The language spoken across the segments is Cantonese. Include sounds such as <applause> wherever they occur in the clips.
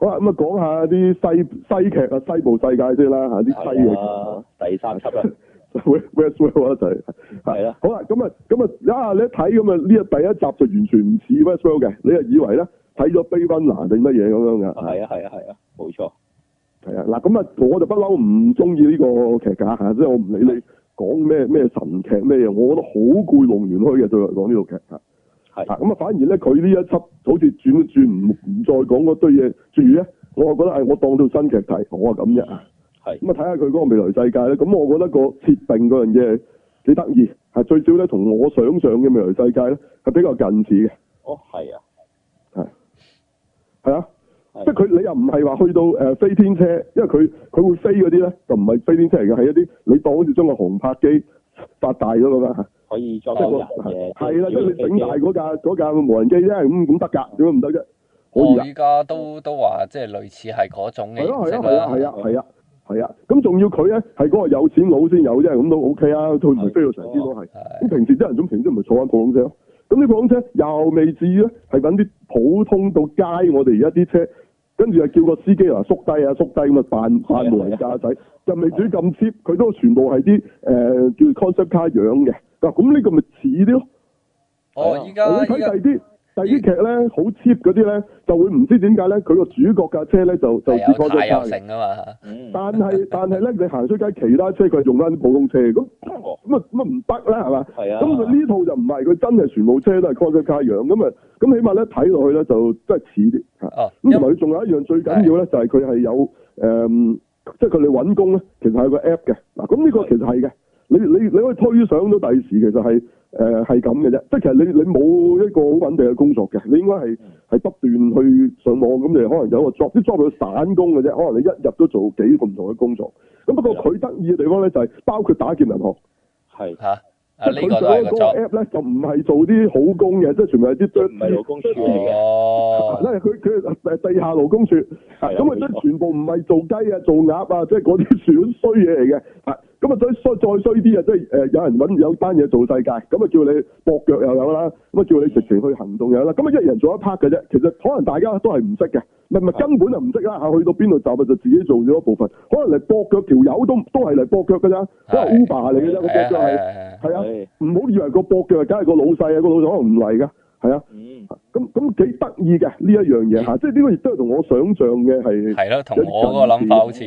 好啦，咁啊，講下啲西西劇啊，西部世界先啦吓，啲西、西劇、 <laughs> 就是、啊，第三集啊 Westworld 就係好啦，咁啊，咁啊，啊你一睇咁啊呢一第一集就完全唔似 Westworld 嘅，你就以為咧睇咗 Blade Runner 定乜嘢咁樣啊？係啊係啊係啊，冇錯，係啊嗱，咁啊我就不嬲唔中意呢個劇噶吓，即係我唔理你講咩咩神劇咩嘢，我覺得好攰龍源區嘅就講呢套劇。咁啊反而咧，佢呢一輯好似轉都轉唔唔再講嗰堆嘢住咧，我又覺得係我當到新劇睇，我啊咁啫啊。係，咁啊睇下佢嗰個未來世界咧，咁我覺得個設定嗰樣嘢幾得意，係最少咧同我想象嘅未來世界咧係比較近似嘅。哦，係啊，係，係啊，即係佢你又唔係話去到誒飛天車，因為佢佢會飛嗰啲咧就唔係飛天車嚟嘅，係一啲你當好似將個航拍機。發大咗咁啊，可以裝到係啦，即係整大嗰架嗰架無人機啫，咁咁得噶，點解唔得啫？可以啦，依家都都話即係類似係嗰種嘅性質啦。係啊，係啊，係啊，係啊，係啊，咁仲要佢咧，係嗰個有錢佬先有啫，咁都 OK 啊，佢唔飛到成隻都係。咁平時啲人咁平都唔係坐緊普通車咯，咁啲普通車又未至於咧，係搵啲普通到街我哋而家啲車。跟住又叫個司機話、啊、縮低啊縮低咁啊，扮扮無人駕駛，就未至於咁 cheap，佢都全部係啲誒叫做 concept 卡樣嘅，咁呢個咪似啲咯。哦，而家我睇第啲。嗯、第啲劇咧好 cheap 嗰啲咧，就會唔知點解咧，佢個主角架車咧就就 concept car 但係、嗯、但係咧， <laughs> 你行出街，其他車佢用翻啲普通車嘅，咁咁啊咁啊唔得啦係嘛？係啊。咁呢套就唔係，佢真係全部車都係 concept car 樣。咁啊咁起碼咧睇落去咧就真係似啲嚇。哦。咁同埋佢仲有一樣最緊要咧、嗯，就係佢係有即係佢哋揾工咧，其實係有個 app 嘅嗱。咁呢個其實係嘅。嗯你你你可以推想到第時，其實係誒係咁嘅啫。即係其實你你冇一個好穩定嘅工作嘅，你應該係係不斷去上網咁，你可能有一個 job 啲 job 係散工嘅啫。可能你一日都做幾個唔同嘅工作。咁不過佢得意嘅地方咧，就係包括打劫銀行係吓。佢上嗰個 app 咧，啊，就唔係做啲好工嘅，即係全部係啲唔係勞工處嚟嘅。哦，咧佢佢地下勞工處咁啊，即係全部唔係做雞啊，做鴨啊，即係嗰啲算衰嘢嚟嘅。就是咁啊，再衰再衰啲啊，即係誒，有人搵有班嘢做世界，咁啊叫你駁腳又有啦，咁啊叫你直情去行動又有啦，咁啊一人做一 part 嘅啫。其實可能大家都係唔識嘅，唔咪根本就唔識啦。嚇，去到邊度就咪就自己做咗一部分。可能嚟駁腳條友都都係嚟駁腳嘅啫，都係 Uber 嚟嘅啫。佢叫做係係啊，唔好以為個駁腳梗係個老細啊，個老細可能唔嚟噶，係啊。咁咁幾得意嘅呢一樣嘢、嗯、即係呢個亦都係同我想象嘅係係啦同我個諗法好似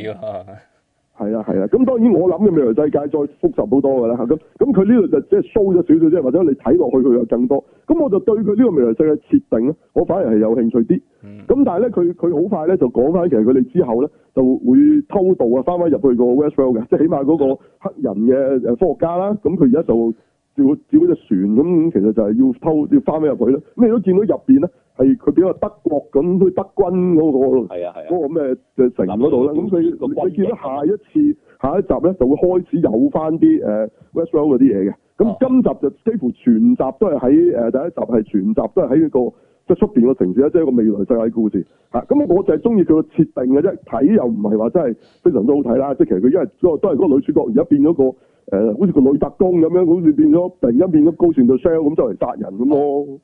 係啦，係啦，咁當然我諗嘅未來世界再複雜好多㗎啦，咁，咁佢呢度就即係 show 咗少少啫，或者你睇落去佢有更多，咁我就對佢呢個未來世界設定咧，我反而係有興趣啲，咁、嗯、但係咧佢佢好快咧就講翻，其實佢哋之後咧就會偷渡啊，翻返入去個 Westworld 嘅，即係起碼嗰個黑人嘅科學家啦，咁佢而家就照照隻船，咁其實就係要偷要翻返入去，咁你都見到入邊呢。係佢比較德國咁，去德軍嗰、那個，啊係啊嗰、那個咩嘅城嗰度啦。咁佢你見到下一次、啊、下一集咧，就會開始有翻啲誒 Westworld 嗰啲嘢嘅。咁、呃哦、今集就幾乎全集都係喺誒第一集係全集都係喺個即係、就是、出邊個城市啦，即係一個未來世界故事嚇。咁我就係中意佢個設定嘅啫，睇又唔係話真係非常之好睇啦。即係其實佢因為都係嗰個女主角，而家變咗個誒，好似個女特工咁樣，好似變咗突然間變咗高旋度 sell 咁，作為殺人咁。嗯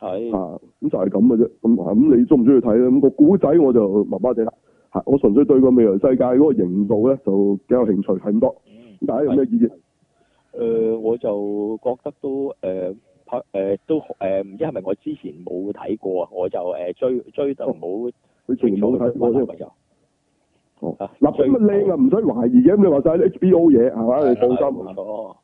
係啊，咁就係咁嘅啫。咁咁你中唔中意睇咧？咁、個古仔我就麻麻哋啦。我純粹對個未來世界嗰個營造咧就幾有興趣，睇。咁多。咁大家有咩意見？誒、呃，我就覺得都誒、呃、拍誒、呃、都誒，唔、呃、知係咪我之前冇睇過啊？我就誒追追就唔好去全睇。我呢要朋友。嗱咁咪靚啊，唔使懷疑嘅。咁你話晒啲 HBO 嘢係嘛？你、啊啊、你放心、啊。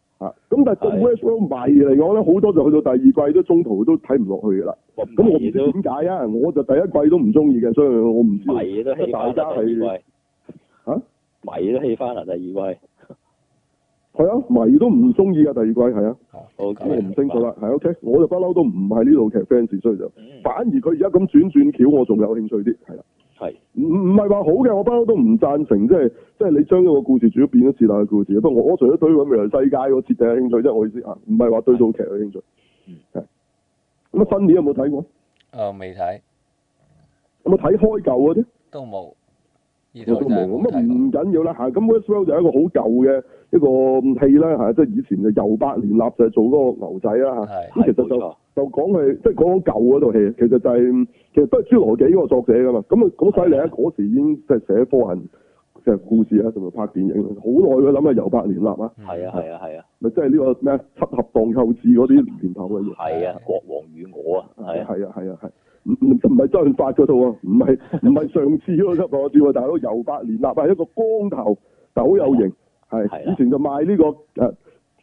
咁但係《t West s h l w 迷嚟講咧，好多就去到第二季都中途都睇唔落去噶啦。咁我唔知點解啊！我就第一季都唔中意嘅，所以我唔知意。迷都起翻啦，第迷都起翻啦，第二季。係啊，迷都唔中意啊，第二季係 <laughs> 啊。咁、啊、我唔清楚啦。係，OK，我就不嬲都唔係呢套劇 fans，所以就、嗯、反而佢而家咁轉轉橋，我仲有興趣啲，係啦、啊。唔唔係話好嘅？我不嬲都唔贊成，即係即係你將呢個故事主要變咗是但嘅故事。不過我我除咗對《揾未來世界》個設定有興趣啫，我意思啊，唔係話對套劇有興趣。係咁啊，嗯、新年有冇睇過？誒、哦，未睇。有冇睇開舊嗰啲？都冇。我都冇。咁啊，唔緊要啦吓。咁 Westworld 就係一個好舊嘅一個戲啦吓，即係以前就由八年立就做嗰個牛仔啦吓。係。其實就是就講佢，即係講舊嗰套戲，其實就係、是、其實都係《侏羅紀》嗰個作者噶嘛，咁啊好犀利啊！嗰時已經即係寫科幻、故事啊，同埋拍電影好耐佢諗啊！遊百年立啊，係啊係啊係啊，咪即係呢個咩七合當構字嗰啲年頭嘅嘢，係啊，國王與我啊，係係啊係啊係，唔唔唔係周潤發嗰套，唔係唔係上次嗰輯我知，喎， <laughs> 大佬遊百年立係一個光頭，但好有型，係，以前就賣呢、這個、啊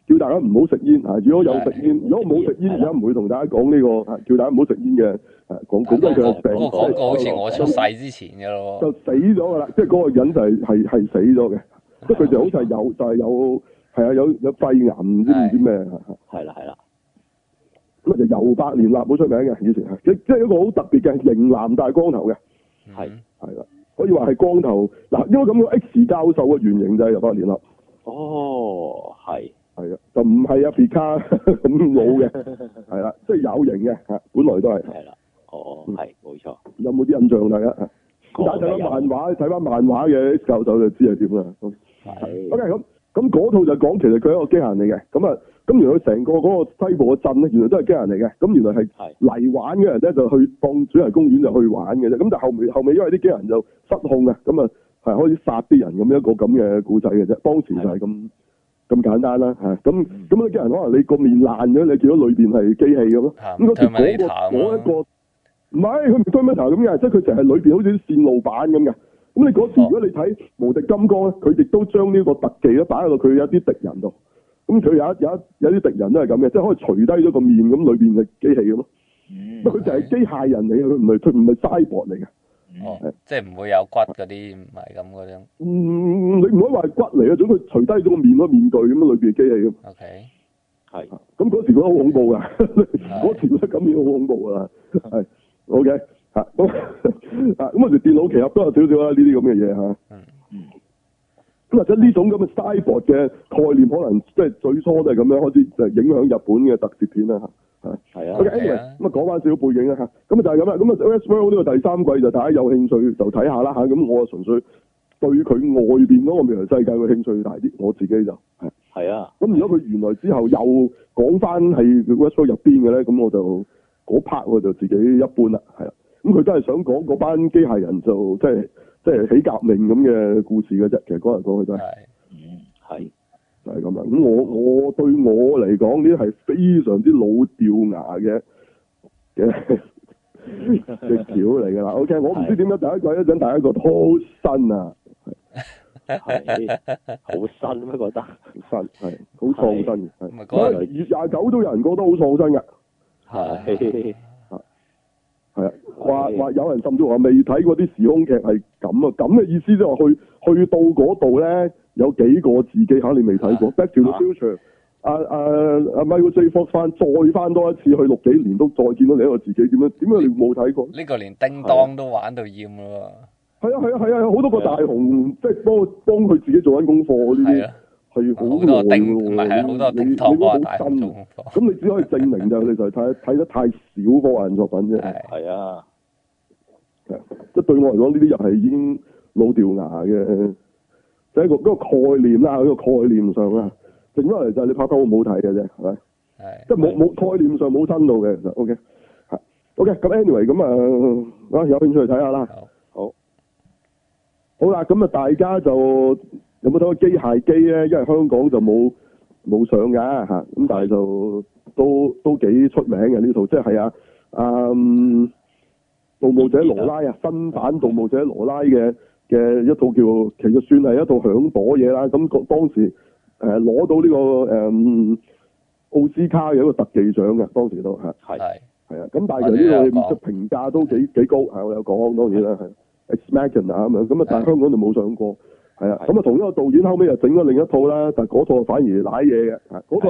叫大家唔好食煙，吓，如果有食煙，如果冇食煙，而家唔會同大家講呢個，叫大家唔好食煙嘅。吓講講咩嘅病咧？嗰個好似我出世之前嘅咯，就死咗噶啦，即係嗰個人就係係係死咗嘅，即係佢就好似係有就係有係啊有有肺癌唔知唔知咩係啦係啦，咁就游百年立好出名嘅以前，即係一個好特別嘅型男大光頭嘅，係係啦，可以話係光頭嗱，因為咁個 X 教授嘅原型就係游百年立，哦係。係啊，就唔係阿皮卡咁老嘅，係 <laughs> 啦有的，即 <laughs> 係、啊就是、有型嘅吓，本來都係。係啦、啊。哦，係、哦，冇錯。有冇啲印象大家？但係睇漫畫，睇、那、翻、個、漫畫嘅教授就知係點啦。O K，咁咁嗰套就講，其實佢係一個機械人嚟嘅。咁啊，咁原來成個嗰個西部鎮咧，原來都係機械人嚟嘅。咁原來係嚟玩嘅人咧，就去放主題公園就去玩嘅啫。咁但後尾後尾，因為啲機械人就失控啊，咁啊係開始殺啲人咁一個咁嘅故仔嘅啫。當時就係咁。咁簡單啦嚇，咁咁有啲人可能你個面爛咗，你見到裏邊係機器咁咯。咁、嗯、嗰、嗰個嗰一個，唔係佢唔係 Terminator 咁嘅，即係佢就係裏邊好似啲線路板咁嘅。咁你嗰時、哦、如果你睇《無敵金剛》咧，佢亦都將呢個特技咧擺喺度，佢有啲敵人度。咁佢有有一有啲敵人都係咁嘅，即係可以除低咗個面咁，裏邊係機器咁咯。不、嗯、佢就係機械人嚟嘅，佢唔係佢唔係 Cyborg 嚟嘅。哦，是即係唔會有骨嗰啲，咪咁嗰種。嗯，你唔可以話係骨嚟啊，總之除低咗個面咯，面具咁啊，裏邊嘅機器咁。O K，係。咁嗰時覺得好恐怖噶，嗰時覺得咁樣好恐怖噶。係，O K，吓咁啊，咁我哋電腦其實都有少少啦，呢啲咁嘅嘢吓。嗯咁、嗯、或者呢種咁嘅 cyber 嘅概念，可能即係最初都係咁樣，開始就影響日本嘅特攝片係，係啊。咁、okay, anyway, 啊，講翻少少背景啦。嚇，咁就係咁啦。咁啊，Westworld 呢個第三季就大家有興趣就睇下啦嚇。咁我啊純粹對佢外邊嗰個未來世界嘅興趣大啲，我自己就係。係啊。咁如果佢原來之後又講翻係 Westworld 入邊嘅咧，咁我就嗰 part 我就自己一般啦，係啦。咁佢都係想講嗰班機械人就即係即係起革命咁嘅故事嘅啫。其實講嚟講去都、就、係、係。嗯，係。就係咁啊！咁我我對我嚟講，呢啲係非常之老掉牙嘅嘅嘅橋嚟噶啦。OK， <laughs> 我唔知點解第一季一陣第一個好新啊，係好新咩？覺得好新係好創新嘅，二廿九都有人覺得好創新嘅，係係啊，話話有人甚至話未睇過啲時空劇係咁啊，咁嘅意思即係話去去到嗰度咧。有幾個自己吓你未睇過？Back to the Future，阿阿阿 Michael J Fox 翻再翻多一次去六幾年都再見到你一個自己，點樣點解你冇睇過？呢、這個連叮當都玩到厭啦！係啊係啊係啊，有好、啊啊啊、多個大雄，即係幫幫佢自己做緊功課呢啲。係好、啊、多叮唔好、啊、多叮當派。咁你只可以證明就、啊、你就睇睇得太少科幻作品啫。係啊，即係、啊啊、對我嚟講呢啲又係已經老掉牙嘅。就係、一個嗰個概念啦，喺個概念上啦，剩翻嚟就係你拍得好唔好睇嘅啫，係咪？即係冇冇概念上冇深度嘅，其實 O K。係、OK。O K。咁、OK, Anyway，咁啊，啊有興趣去睇下啦。好。好啦，咁啊，大家就有冇睇過機械機咧？因為香港就冇冇上㗎。咁但係就都都幾出名嘅呢套，即係係啊，嗯，盜墓者羅拉啊，新版盜墓者羅拉嘅。嘅一套叫，其實算係一套響火嘢啦。咁當時攞到呢、呢個誒奧斯卡嘅一個特技獎嘅，當時都係啊。咁但係其實呢個嘅評價都幾幾高，係我有講，當然啦，係。Ex Machina 啊咁樣，咁啊但係香港就冇上過，係啊。咁啊同一個導演後尾又整咗另一套啦，但係嗰套反而賴嘢嘅，嗰個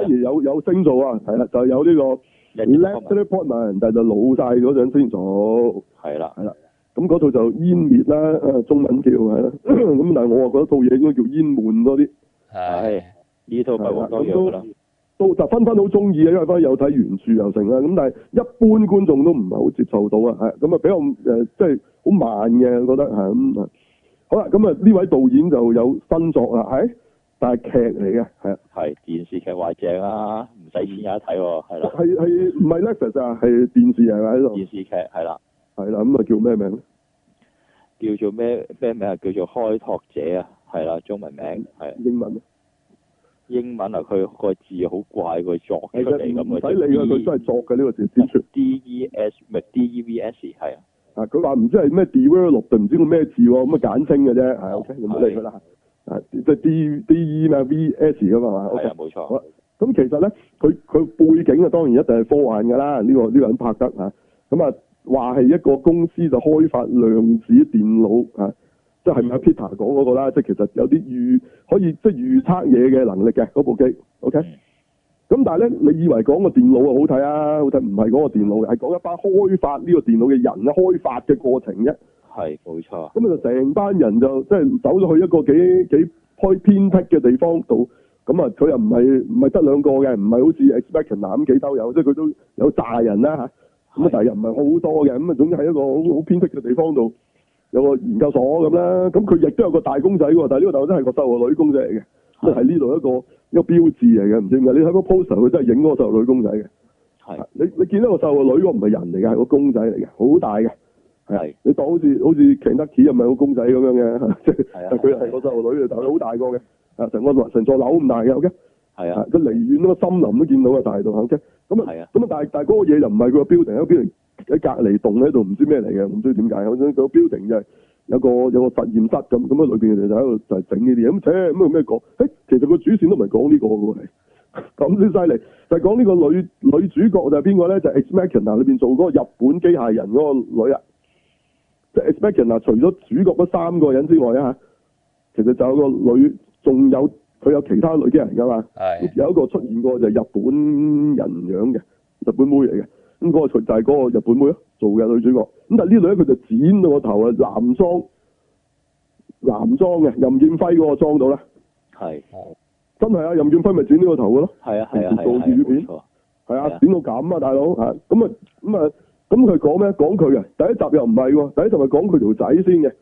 反而有、嗯、有星做啊，就有呢個。Natalie Portman 但係就老晒咗樣先做。係啦，係啦。咁嗰套就湮滅啦，啊中文叫係啦，咁 <coughs> 但係我啊覺得、哎、套嘢應該叫湮悶多啲。係呢套唔係我講，都就分分好中意啊，因為分有睇原著又成啦，咁但係一般觀眾都唔係好接受到啊，係咁啊比較誒即係好慢嘅，我覺得係咁好啦，咁啊呢位導演就有新作啦，係，但係劇嚟嘅，係啊。係電視劇，或者啊，唔使錢下睇，係啦。係係唔係 Netflix 係電視係喺度？電視劇係啦。係啦、啊，咁啊叫咩名？叫做咩咩名啊？叫做開拓者啊，係啦，中文名係。英文。英文啊，佢個字好怪，佢作出嚟咁嘅。唔使理佢，佢都係作嘅呢個字 D E S 唔係 D E V S 係、哦 okay, -E okay 這個這個、啊。啊！佢話唔知係咩 develop，就唔知個咩字喎，咁啊簡稱嘅啫，係 OK，唔理佢啦。即係 D D E 嘛，V S 噶嘛嘛。係冇錯。咁其實咧，佢佢背景啊，當然一定係科幻噶啦。呢個呢個人拍得吓，咁啊。話係一個公司就開發量子電腦啊，即係咪阿 Peter 講嗰、那個啦？即、就、係、是、其實有啲預可以即係預測嘢嘅能力嘅嗰部機，OK？咁但係咧，你以為講個電腦啊好睇啊，好睇唔係講個電腦嘅，係講一班開發呢個電腦嘅人嘅開發嘅過程啫。係，冇錯。咁、嗯、啊，成班人就即係走咗去一個幾幾開偏僻嘅地方度，咁啊，佢又唔係唔係得兩個嘅，唔係好似 Explain 咁幾兜有，即係佢都有炸人啦吓。咁啊，但係又唔係好多嘅，咁啊，總之喺一個好好偏僻嘅地方度有個研究所咁啦。咁佢亦都有個大公仔喎，但係呢個大真係個細路女公仔嚟嘅，即係呢度一個一個標誌嚟嘅，唔知點解。你睇個 poster，佢真係影嗰個細路女公仔嘅。係。你你見到個細路女嗰個唔係人嚟嘅，係個公仔嚟嘅，好大嘅。係。你當好似好似擎天柱又唔係個公仔咁樣嘅。即係啊。佢係個細路女嚟，但係好大個嘅。啊！成個成座樓咁大嘅，OK。係啊，個離遠個森林都見到啊，大到行車咁啊，咁啊，但係但係嗰個嘢又唔係佢個 building 喺 building 喺隔離棟喺度，唔知咩嚟嘅，唔知點解，我想個 building 就係有個有個實驗室咁，咁啊裏邊就喺度就係整呢啲嘢咁 c h 咁有咩講？誒、欸，其實個主綫都唔係講呢個嘅，咁先犀利，就係講呢個女女主角就係邊個咧？就是、Ex Machina 裏邊做嗰個日本機械人嗰個女啊，即、就、係、是、Ex Machina 除咗主角嗰三個人之外啊，其實就有個女，仲有。佢有其他女嘅人噶嘛？係有一個出現過就係日本人樣嘅日本妹嚟嘅，咁、嗰個就就係嗰個日本妹咯，做嘅女主角。咁但係呢女咧，佢就剪到個頭啊，男裝男裝嘅任劍輝嗰個裝到咧，係真係啊，任劍輝咪剪呢個頭咯，係啊係啊，做主演，係啊，剪到咁啊，大佬吓咁啊咁啊，咁佢講咩？講佢嘅第一集又唔係，第一集係講佢條仔先嘅，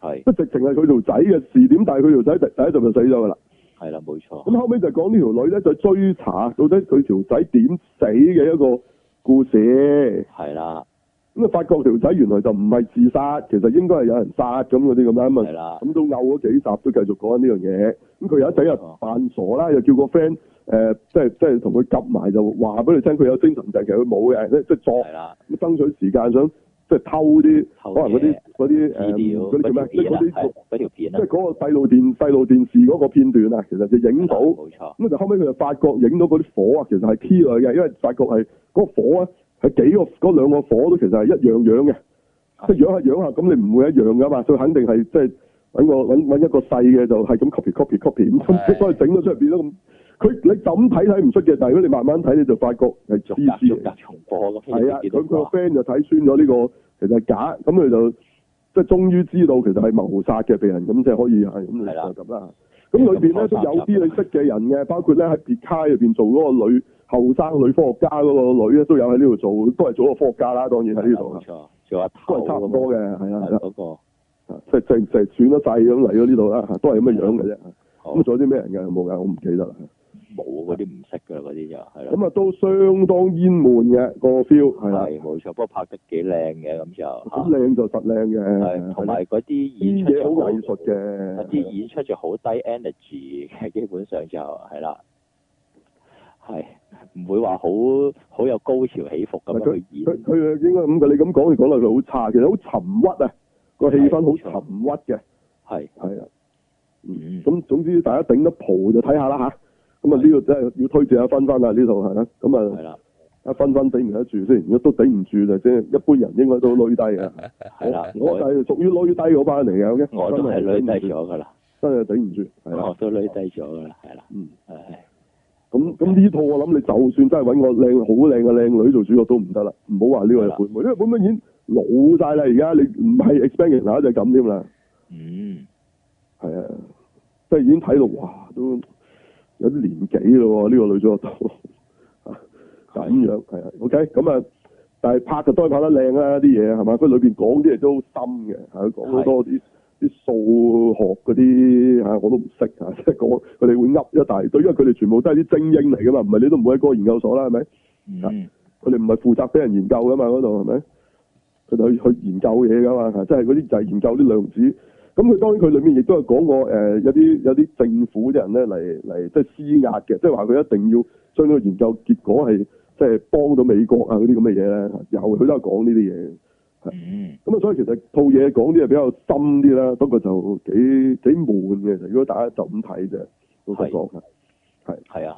係，不直情係佢條仔嘅視點，但係佢條仔第第一集就死咗噶啦。係啦，冇錯。咁後尾就講呢條女咧，就追查到底佢條仔點死嘅一個故事。係啦的。咁啊，發覺條仔原來就唔係自殺，其實應該係有人殺咁嗰啲咁樣啦。係啦的。咁都嘔咗幾集都繼續講緊呢樣嘢。咁佢有一仔又扮傻啦，的又叫個 friend，誒，即係即係同佢夾埋就話俾佢聽，佢、就是、有精神病，其實佢冇嘅，即係即係作。係啦的。咁爭取時間想。即係偷啲，可能嗰啲嗰啲嗰啲叫咩嗰啲嗰條片即係嗰個細路電細路電視嗰個片段啊，其實就影到。冇錯。咁就後尾佢就發覺影到嗰啲火啊，其實係 P 來嘅，因為發覺係嗰個火啊，係幾個嗰兩個火都其實係一樣樣嘅。佢、啊、樣下樣下，咁你唔會一樣噶嘛？佢肯定係即係揾個揾揾一個細嘅，就係咁 copy copy copy，咁 <laughs> 所以整咗出嚟咯咁。佢你就咁睇睇唔出嘅，但係如果你慢慢睇，你就發覺係真真。重係啊，佢個 friend 就睇穿咗呢個其實係假，咁佢就即係終於知道其實係謀殺嘅被人，咁即係可以係咁就咁啦。咁裏邊咧都有啲你識嘅人嘅，包括咧喺 Picard 入邊做嗰個女後生女科學家嗰個女咧都有喺呢度做，都係做個科學家啦，當然喺呢度。都係差唔多嘅，係啦，係啦，嗰即係即係即係轉咗曬咁嚟咗呢度啦，都係咁嘅樣嘅啫。咁仲有啲咩人㗎？冇㗎，我唔記得啦。嗰啲唔識㗎，嗰啲就係啦。咁啊，都相當煙悶嘅個 feel，係啦。係冇錯，不過拍得幾靚嘅咁就。好靚就實靚嘅，同埋嗰啲演出好藝術嘅。嗰啲演出就好低 energy 嘅，基本上就係啦。係，唔會話好好有高潮起伏咁去演。佢佢應該咁嘅，你咁講你講落去好差，其實好沉鬱啊！個氣氛好沉鬱嘅。係係啊，咁、嗯嗯、總之，大家頂得浦就睇下啦吓。咁啊！呢個真係要推薦啊，分返下呢套係啦。咁啊，一分分頂唔得住先，如果都頂唔住就先，一般人應該都累低嘅。係 <laughs> 啦，我就係屬於低嗰班嚟嘅，好嘅。我都係累低咗噶啦，真係頂唔住。我都累低咗噶啦，係啦，嗯，係。咁咁呢套我諗，你就算真係搵個靚、好靚嘅靚女做主角都唔得啦，唔好話呢個配角，因為本斌已經老晒啦，而家你唔係 expanding 啦，就係咁添啦。嗯，係啊，即係已經睇到哇都～有啲年紀咯喎，呢、這個女左都嚇咁樣係啊，OK 咁啊，但係拍就都係拍得靚啦啲嘢係嘛，佢裏邊講啲嘢都好深嘅，係講好多啲啲數學嗰啲吓我都唔識嚇，即係講佢哋會噏，一大堆，因為佢哋全部都係啲精英嚟噶嘛，唔係你都唔會喺嗰個研究所啦係咪？佢哋唔係負責俾人研究噶嘛嗰度係咪？佢哋去去研究嘢噶嘛，即係嗰啲就係、是、研究啲量子。咁佢當然佢裏面亦都係講過誒、呃、有啲有啲政府啲人咧嚟嚟即係施壓嘅，即係話佢一定要將個研究結果係即係幫到美國啊嗰啲咁嘅嘢咧，又佢都係講呢啲嘢。咁啊、mm. 嗯，所以其實套嘢講啲係比較深啲啦，不過就幾幾悶嘅。如果大家就咁睇啫，老實講啊，係。係啊。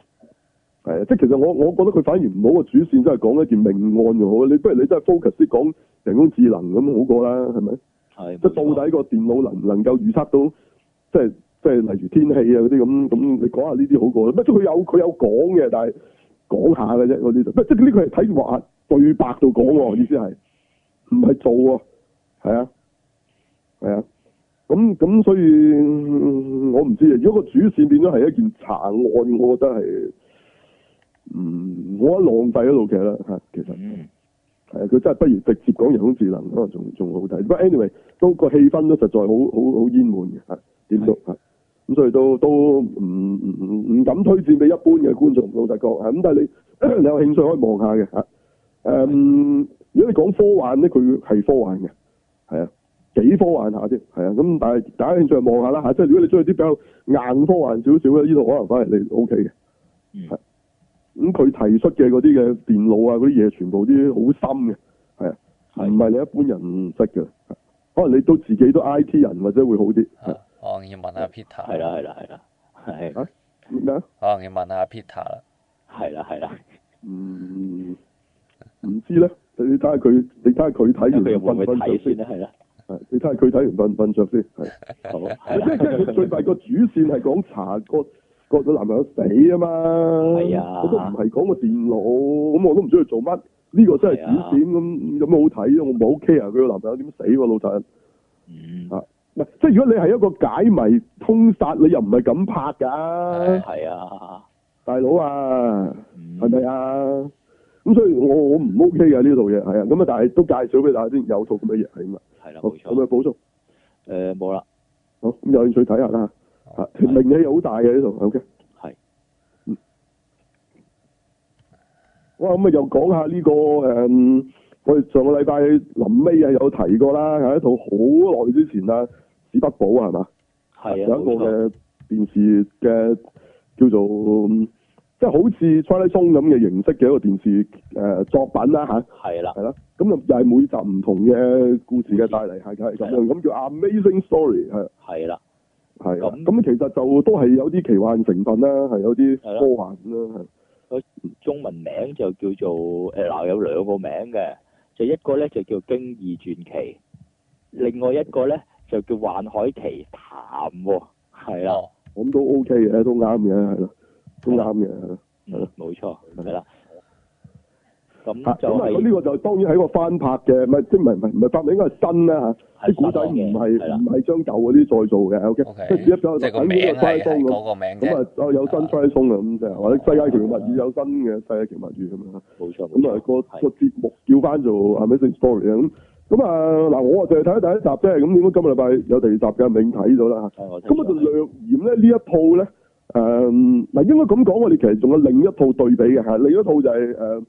係啊，即係其實我我覺得佢反而唔好個主線，都係講一件命案就好，你不如你真係 focus 啲講人工智能咁好過啦，係咪？即係到底個電腦能唔能夠預測到，即係即係例如天氣啊嗰啲咁咁，你講下呢啲好過啦。即佢有佢有講嘅，但係講下嘅啫。我呢度，即呢個係睇話對白度講喎。意思係唔係做喎，係啊係啊。咁咁、啊，所以我唔知啊。如果個主線變咗係一件查案，我覺得係，嗯，我一浪費咗套劇啦吓，其實。嗯係佢真係不如直接講人工智能可能仲仲好睇。不過 anyway 都個氣氛都實在好好好煙悶嘅吓，點都吓咁，所以都都唔唔唔唔敢推薦俾一般嘅觀眾。老實講，咁但係你你有興趣可以望下嘅吓。誒、嗯，如果你講科幻咧，佢係科幻嘅，係啊，幾科幻下啫，係啊。咁但係大家興趣望下啦吓。即係如果你中意啲比較硬科幻少少咧，呢度可能反而你 O K 嘅，嗯。咁、嗯、佢提出嘅嗰啲嘅電腦啊，嗰啲嘢全部啲好深嘅，係啊，係唔係你一般人唔識嘅？可能你都自己都 IT 人或者會好啲。哦，要問下 Peter。係啦，係啦，係啦。係。啊？點啊？哦，要問下 Peter 啦。係啦，係啦。嗯，唔知咧。你睇下佢，你睇下佢睇完瞓唔瞓著先啦，係啦、啊。你睇下佢睇完瞓唔瞓着先，係 <laughs> 好。即係 <laughs> 最大個主線係講查個，過咗，男朋友死嘛啊嘛，我都唔係講個電腦，咁我都唔知佢做乜，呢、這個真係支線咁，有咩好睇啊？好我唔 OK 啊！佢個男朋友點死喎，老襯、嗯、啊，嗱，即係如果你係一個解謎通殺，你又唔係咁拍噶，係啊，啊，大佬啊，係、嗯、咪啊？咁所以我，我我唔 OK 啊。呢套嘢，係啊，咁啊，但係都介紹俾大家先，有套咁嘅嘢係嘛，係啦、啊，冇錯，咁有咩補充，誒，冇啦，好，咁、呃、有興趣睇下啦。吓，名氣又好大嘅呢度 OK，係，哇，咁啊又講下呢個誒、嗯，我哋上個禮拜臨尾啊有提過啦，係一套好耐之前啊，史匹堡係嘛，係啊，有一個嘅電視嘅叫做、嗯、即係好似 Twilight Zone 咁嘅形式嘅一個電視誒作品啦吓，係啦，係咯，咁又係每集唔同嘅故事嘅帶嚟，係係咁樣，咁叫 Amazing Story 係，係啦。是係啊，咁其實就都係有啲奇幻成分啦，係有啲科幻啦，係、啊。啊啊、中文名就叫做誒，嗱、呃、有兩個名嘅，就一個咧就叫《驚異傳奇》，另外一個咧就叫《幻海奇譚》喎、啊，係啦。咁都 O K 嘅，都啱嘅，係咯、啊啊啊，都啱嘅，係咯、啊。冇錯。係啦、啊。咁咁、就是、啊！呢個就當然係一個翻拍嘅，咪即係唔係唔係翻拍，應該係新啦嚇。啲古仔唔係唔係將舊嗰啲再做嘅。O、okay? K，、okay, 即係只不過揀呢個西裝個名，咁啊有新西裝啊，咁即係或者世界奇物語有新嘅世界奇物語咁樣。冇錯，咁啊、嗰個嗰個節目叫翻做 Amazing Stories 啊？咁咁啊嗱，我啊淨係睇咗第一集啫。咁點解今日禮拜有第二集嘅？未睇到啦嚇。咁啊就略嚴咧呢一套咧，嗯，嗱應該咁講，我哋其實仲有另一套對比嘅嚇。另一套就係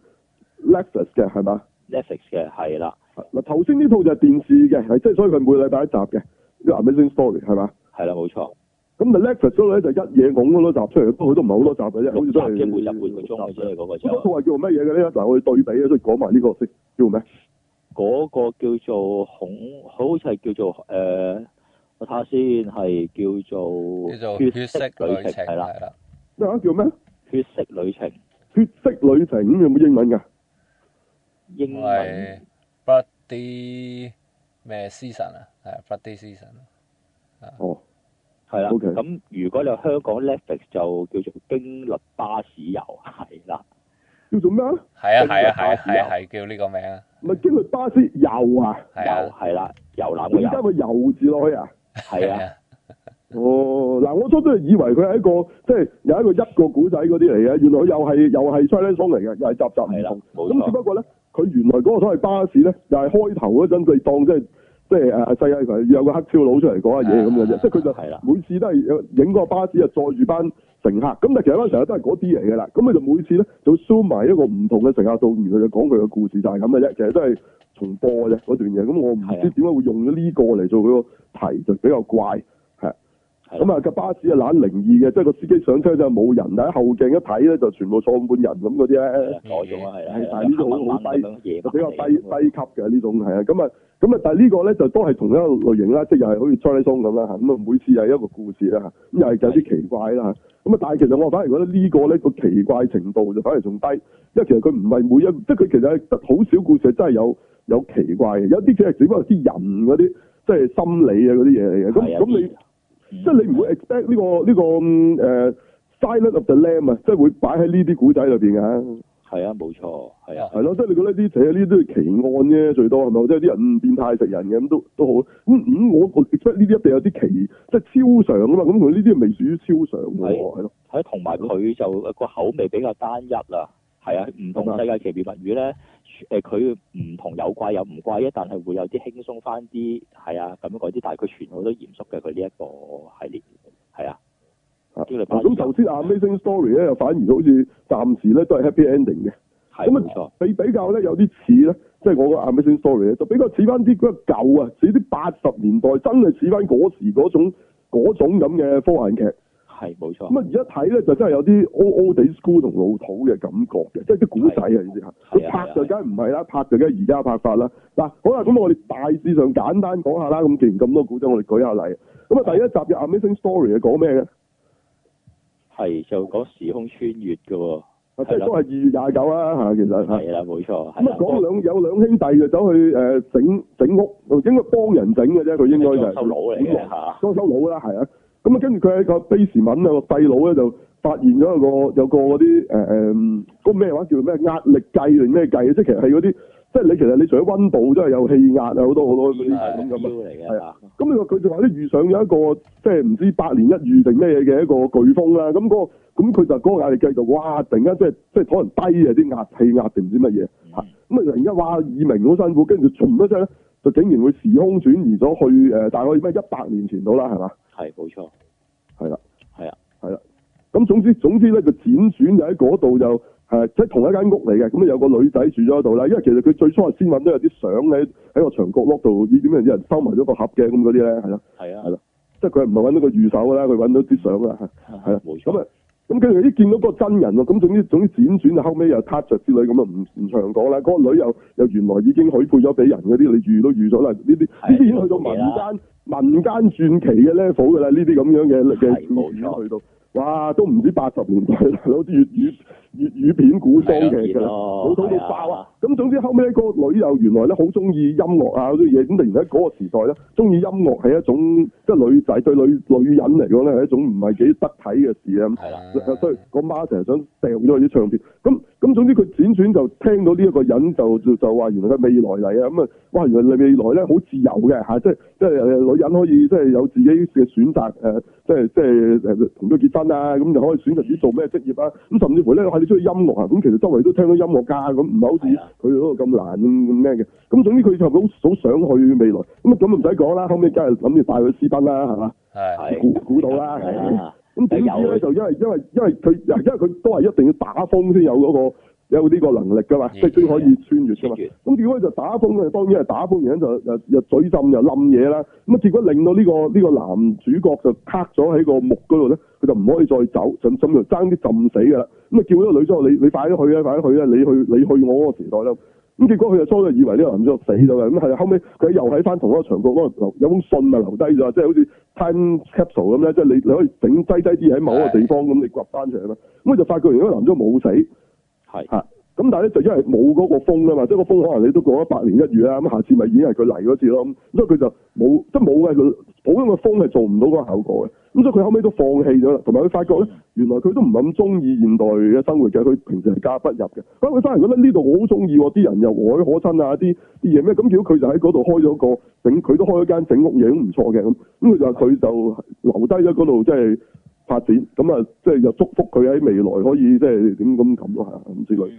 Lexus Netflix 嘅係嘛？Netflix 嘅係啦。嗱，頭先呢套就係電視嘅，係即係所以佢每禮拜一集嘅《This、Amazing Story》係嘛？係啦，冇錯。咁啊，Netflix 嗰個咧就一夜拱咁多集出嚟，不過佢都唔係好多集嘅啫，好似都係即係每半個鐘、那個就是那個。所以講嗰套係叫咩嘢嘅咧？嗱，我哋對比啊，所以講埋呢個叫咩？嗰個叫做恐，好似係叫做誒、呃，我睇下先，係叫做叫做血色旅程係啦。咩啊？叫咩？血色旅程。血色旅程。血色旅程。血色旅程有冇英文㗎？英文，Friday 咩 season 啊？係啊 Friday season 啊、yeah。哦，係啦。咁、okay. 如果你有香港 Netflix 就叫做《驚慄巴士遊》，係啦。叫做咩啊？係啊，係啊，係啊，係叫呢個名啊。唔係驚慄巴士遊啊？遊係啦，遊啦。我而家個遊字落去啊。係啊。哦，嗱，我初初以為佢係一個，即係有一個一個古仔嗰啲嚟嘅，原來又係又係 s i l l n g 嚟嘅，又係集集唔同。咁，只不過咧。佢原來嗰個都係巴士咧，又係開頭嗰陣，佢當、即係、即係即係誒世界有個黑超佬出嚟講下嘢咁嘅啫，即係佢就每次都係影個巴士坐住班乘客，咁但係其實班乘客都係嗰啲嚟噶啦，咁佢就每次咧就會 show 埋一個唔同嘅乘客到，然後就講佢嘅故事就係咁嘅啫，其實都係重播嘅嗰段嘢。咁我唔知點解會用咗呢個嚟做佢個題就比較怪。咁、嗯、啊！架巴士啊，懶靈異嘅，即係個司機上車就冇人，但係後鏡一睇咧，就全部坐滿人咁嗰啲咧。坐咗啊，係但係呢種好好低，比較低低級嘅呢種係啊。咁啊，咁啊，但係呢個咧就都係同一個類型啦，即係又係好似《Charlie Song》咁啦。咁每次又係一個故事啦，咁又係有啲奇怪啦。咁啊，但係其實我反而覺得個呢個咧個奇怪程度就反而仲低，因為其實佢唔係每一，即係佢其實得好少故事真係有有奇怪嘅，有啲嘅只不過啲人嗰啲即係心理啊嗰啲嘢嚟嘅。咁咁你？嗯、即係你唔會 expect 呢、呢個呢、呢個誒、嗯《Silent of the Lamb》嗯、係啊，即係會擺喺呢啲古仔裏面啊？係啊，冇錯，係啊，係咯、啊，即係、啊啊、你覺得啲寫呢啲奇案啫，最多係咪？即係啲人變態食人嘅咁都都好。咁、嗯、咁、嗯，我 expect 呢啲一定有啲奇，即係超常啊嘛。咁佢呢啲未屬於超常喎，係咯、啊。同埋佢就個、啊、口味比較單一係啊。係啊，唔同世界奇妙物語咧。誒佢唔同有怪，又唔怪有唔怪、啊啊，啊，但係會有啲輕鬆翻啲係啊咁嗰啲。但係佢全部都嚴肅嘅，佢呢一個系列係啊啊。咁頭先《Amazing Story》咧，又反而好似暫時咧都係 Happy Ending 嘅。係咁啊，你比較咧有啲似咧，即係我個《Amazing Story》咧，就比較似翻啲嗰舊啊，似啲八十年代真係似翻嗰時嗰種嗰種咁嘅科幻劇。係冇錯，咁啊而家睇咧就真係有啲 old old school 同老土嘅感覺嘅，即係啲古仔啊呢啲拍就梗係唔係啦，拍就梗而家拍法啦。嗱好啦，咁我哋大致上簡單講下啦。咁既然咁多古仔，我哋舉下例。咁啊第一集嘅 Amazing Story 係講咩嘅？係就講時空穿越嘅喎，即係都係二月廿九啦，嚇，其實。係啦，冇錯。咁啊講兩有兩兄弟就走去誒、呃、整整，整，整屋，應該幫人整嘅啫，佢應該就係就係、修佬嚟嘅嚇，裝修佬啦，係啊。咁啊，跟住佢喺個 base 文啊個細佬咧就發現咗有個有、呃、個嗰啲誒誒個咩話叫做咩壓力計定咩計即係其實係嗰啲即係你其實你除咗温度，真係有氣壓啊好多好多嗰啲咁嘅係啊。咁你話佢就話咧遇上咗一個即係唔知百年一遇定咩嘢嘅一個颶風啦。咁嗰咁佢就嗰個壓力計就哇突然間即係即係可能低啊啲壓氣壓定唔知乜嘢嚇。咁、嗯、啊突然間哇耳鳴好辛苦，跟住就喘咗聲。就竟然會時空轉移咗去，大概咩一百年前到啦，係嘛？係，冇錯。係啦。係啊。係啦。咁總之總之咧，佢輾轉就喺嗰度就係即係同一間屋嚟嘅，咁啊有個女仔住咗喺度啦。因為其實佢最初係先搵到有啲相咧喺個牆角落度，依點樣有人收埋咗個盒嘅咁嗰啲咧，係啦係啊。係啦即係佢唔係搵到個預手啦，佢搵到啲相啦。係啦冇錯。咁啊。咁佢哋一見到嗰個真人喎，咁總之總之輾轉，後尾又 touch 著啲女咁啊，唔唔長講啦。嗰、嗰個女又又原來已經許配咗俾人嗰啲，你預都預咗啦。呢啲呢啲已經去到民間民間傳奇嘅 level 嘅啦，呢啲咁樣嘅嘅。我而家去到，哇，都唔知八十年代啦，老啲啲。粵語片古裝劇嘅啦，好土到爆啊！咁、啊、總之後尾咧，個女又原來咧好中意音樂啊嗰啲嘢，咁突然喺嗰個時代咧，中意音樂係一種即係女仔對女女人嚟講咧係一種唔係幾得體嘅事啊！係啊，所以個媽成日想掟咗佢啲唱片。咁咁、啊、總之佢輾轉，轉就聽到呢一個人就就話原來佢未來嚟啊！咁啊，哇！原來你未來咧好自由嘅吓，即係即係女人可以即係有自己嘅選擇即係即係同佢結婚啊，咁就可以選擇啲做咩職業啊！咁甚至乎呢。你中意音樂啊？咁其實周圍都聽到音樂家咁，唔係好似佢嗰個咁難咁咩嘅。咁的總之佢就好好想去未來。咁啊咁唔使講啦，後尾梗係諗住帶佢私奔啦，係嘛？係估估到啦。咁點、嗯、的知咧就 <laughs> 因為因為因為佢因為佢都係一定要打風先有嗰、嗰個。有呢個能力噶嘛，即係都可以穿越噶嘛。咁、嗯、如、嗯嗯嗯、果就打風咧，當然係打風，然後就又又水浸又冧嘢啦。咁啊，淹淹淹淹結果令到呢、呢個呢、呢個男主角就卡咗喺個木嗰度咧，佢就唔可以再走，就就就爭啲浸死噶啦。咁啊，叫咗個女主角你你快啲去啊，快啲去啊！你去你去我個時代啦。咁結果佢就初以為呢個男主角死咗嘅，咁係後尾，佢又喺翻同一個牆角嗰度留有封信咪留低咗，即係好似 time capsule 咁咧，即係你你可以整低低啲喺某一個地方，咁你掘翻出啦。咁啊就發覺原來男主角冇死。係吓，咁但係咧就因為冇嗰個風啊嘛，即係個風可能你都過咗百年一遇啦，咁下次咪已經係佢嚟嗰次咯，咁所以佢就冇即係冇嘅，佢普通嘅風係做唔到嗰個效果嘅，咁所以佢後尾都放棄咗啦，同埋佢發覺咧，原來佢都唔咁中意現代嘅生活嘅，佢平時係家不入嘅，啊，佢翻嚟覺得呢度好中意，啲人又和藹可親啊，啲啲嘢咩，咁如果佢就喺嗰度開咗個整，佢都開咗間整屋嘢都唔錯嘅，咁咁佢就佢就留低咗嗰度，即係。發展咁啊，即係又祝福佢喺未來可以即係點咁咁咯，係咁之類。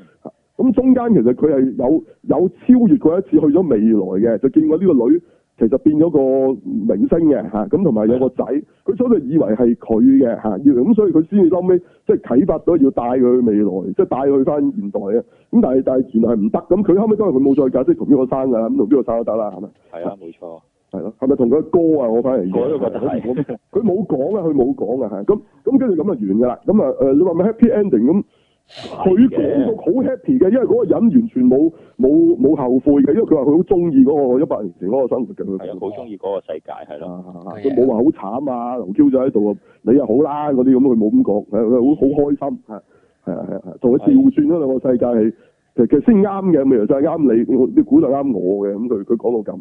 咁中間其實佢係有有超越過一次去咗未來嘅，就見過呢個女其實變咗個明星嘅嚇，咁同埋有個仔，佢所以佢以為係佢嘅嚇，咁所以佢先至後尾即係啟發咗要帶佢去未來，即係帶佢翻現代啊。咁但係但係原來係唔得，咁佢後尾都係佢冇再嫁，即係同邊個生㗎咁同邊個生都得啦。係咪？係啊，冇錯。係咯，係咪同佢哥啊？我反而，我都覺得佢冇講啊，佢冇講啊，嚇咁咁跟住咁就完噶啦。咁、嗯、啊，誒你話咪 happy ending 咁？佢講到好 happy 嘅，因為嗰個人完全冇冇冇後悔嘅，因為佢話佢好中意嗰個一百年前嗰個生活嘅。係好中意嗰個世界，係咯，佢冇話好慘啊，劉嬌仔喺度啊，你又好啦嗰啲咁，佢冇咁講，佢好好開心，係係係同佢調轉啊！兩個世界係其實先啱嘅，咪又再啱你，我你估就啱我嘅，咁佢佢講到咁。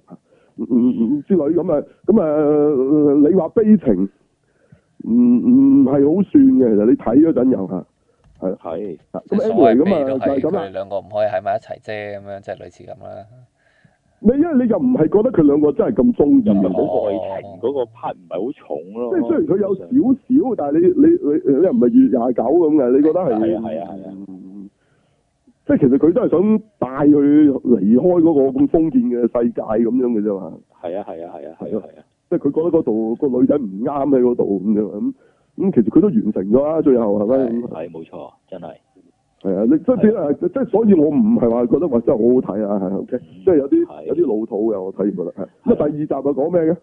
嗯之類咁啊，咁、嗯、啊、嗯，你話悲情，唔唔係好算嘅。其實你睇咗陣又吓，係係。咁 A 梅咁啊，就係咁啦。兩個唔可以喺埋一齊啫，咁樣即係類似咁啦。你因為你又唔係覺得佢兩個真係咁重好愛情嗰個 part 唔係好重咯。即、哦、係雖然佢有少少，但係你你你你又唔係二月廿九咁嘅，你覺得係？係啊係啊。即係其實佢都係想帶佢離開嗰個咁封建嘅世界咁樣嘅啫嘛。係啊係啊係啊係咯係啊。即係佢覺得嗰度，個女仔唔啱喺嗰度咁樣咁。咁、嗯、其實佢都完成咗啦，最後係咪係冇、啊、錯，真係。係啊，你即係所以我唔係話覺得話真係好好睇啊。係 OK，即係、啊就是、有啲、啊、有啲老土嘅我睇完覺得係。咁、啊、第二集係講咩嘅？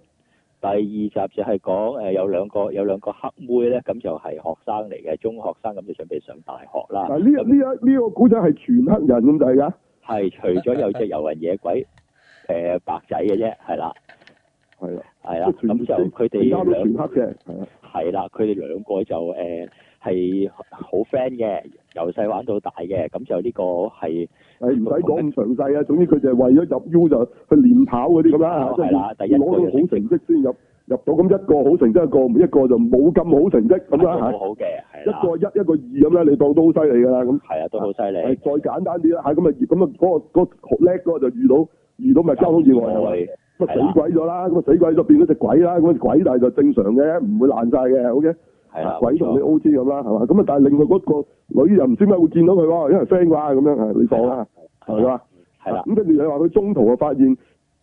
第二集就係講誒，有兩個有兩個黑妹咧，咁就係學生嚟嘅，中學生，咁就準備上大學啦。嗱呢一呢一呢個古仔係全黑人，咁大家係除咗有隻遊魂野鬼誒、呃、白仔嘅啫，係啦，係啦，係啦，咁就佢哋兩全黑嘅，係啦，佢哋兩個就誒。呃係好 friend 嘅，由細玩到大嘅，咁就呢個係誒唔使講咁詳細啊，總之佢就係為咗入 U 就去練跑嗰啲咁啦吓，即係攞到好成績先入入到，咁一個好成績一個唔一個就冇咁好成績咁啦吓，一個好嘅，一個一一個二咁啦，你當都好犀利噶啦，咁係啊都好犀利，再簡單啲啦，吓咁啊咁啊嗰個叻嗰，嗰個就遇到遇到咪交通意外係咪？咁啊死鬼咗啦，咁啊死鬼咗變咗隻鬼啦，咁鬼但係就正常嘅，唔會爛晒嘅，好嘅。是鬼同你 O C 咁啦，係嘛？咁啊，但係另外嗰個女人唔知點解會見到佢，因為 friend 啩咁樣，係你講啦，係嘛？係啦，咁跟住又話佢中途啊發現，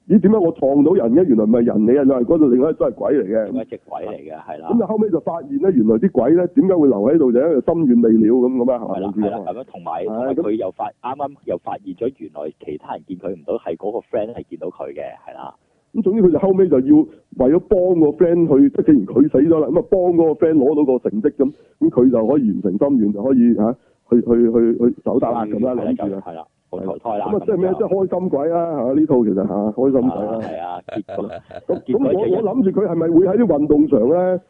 咦點解我撞到人嘅？原來唔係人嚟啊，又嗰度另外都隻係鬼嚟嘅，咁一隻鬼嚟嘅，係啦。咁啊後尾就發現咧，原來啲鬼咧點解會留喺度就係因為心願未了咁咁啊，係咪？咁樣同埋佢又發啱啱又發現咗，原來其他人見佢唔到，係嗰個 friend 係見到佢嘅，係啦。咁總之佢就後尾就要為咗幫個 friend 去，即既然佢死咗啦，咁啊幫嗰個 friend 攞到個成績咁，咁佢就可以完成心願，就可以嚇、啊、去去去去，去手打咁樣，係啦，好彩啦。咁啊，即係咩？即係開心鬼啦、啊！嚇呢套其實嚇開心鬼啦。係啊，咁、啊、咁我我諗住佢係咪會喺啲運動場咧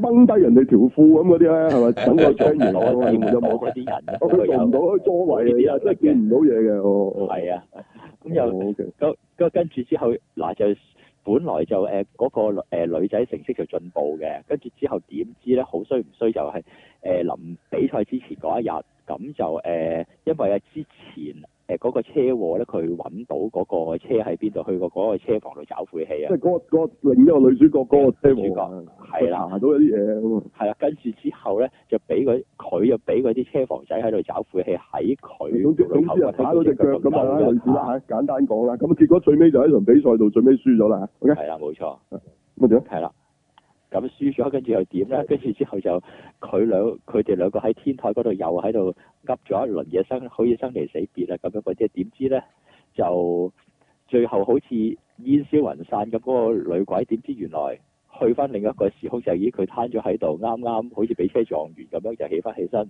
掹低人哋條褲咁嗰啲咧？係咪等個 friend 完？又冇嗰啲人。佢做唔到，佢坐位嚟嘅，即係見唔到嘢嘅。哦，係啊。咁、嗯、又、哦 okay、跟住之後嗱就本來就誒嗰個女仔、呃、成績就進步嘅，跟住之後點知咧好衰唔衰就係誒臨比賽之前嗰一日，咁就誒、呃、因為啊之前。誒、呃，嗰、那個車禍咧，佢揾到嗰個車喺邊度，去過嗰個車房度找晦氣啊！即係嗰、那個另一、那個女主角，嗰、那個車房。女主角係啦，係嗰啲嘢。係啦，跟住之後咧，就俾佢，佢就俾嗰啲車房仔喺度找晦氣，喺佢打到隻腳咁啦，係簡單講啦。咁結果最尾就喺場比賽度最尾輸咗啦。係係啦，冇錯。咁點啊？係啦。咁輸咗，跟住又點咧？跟住之後就佢兩佢哋兩個喺天台嗰度又喺度噏咗一輪嘢生，好似生離死別啊咁樣嗰啲。點知咧就最後好似煙消雲散咁。嗰個女鬼點知原來去翻另一個時空就依佢攤咗喺度，啱啱好似俾車撞完咁樣就起翻起身。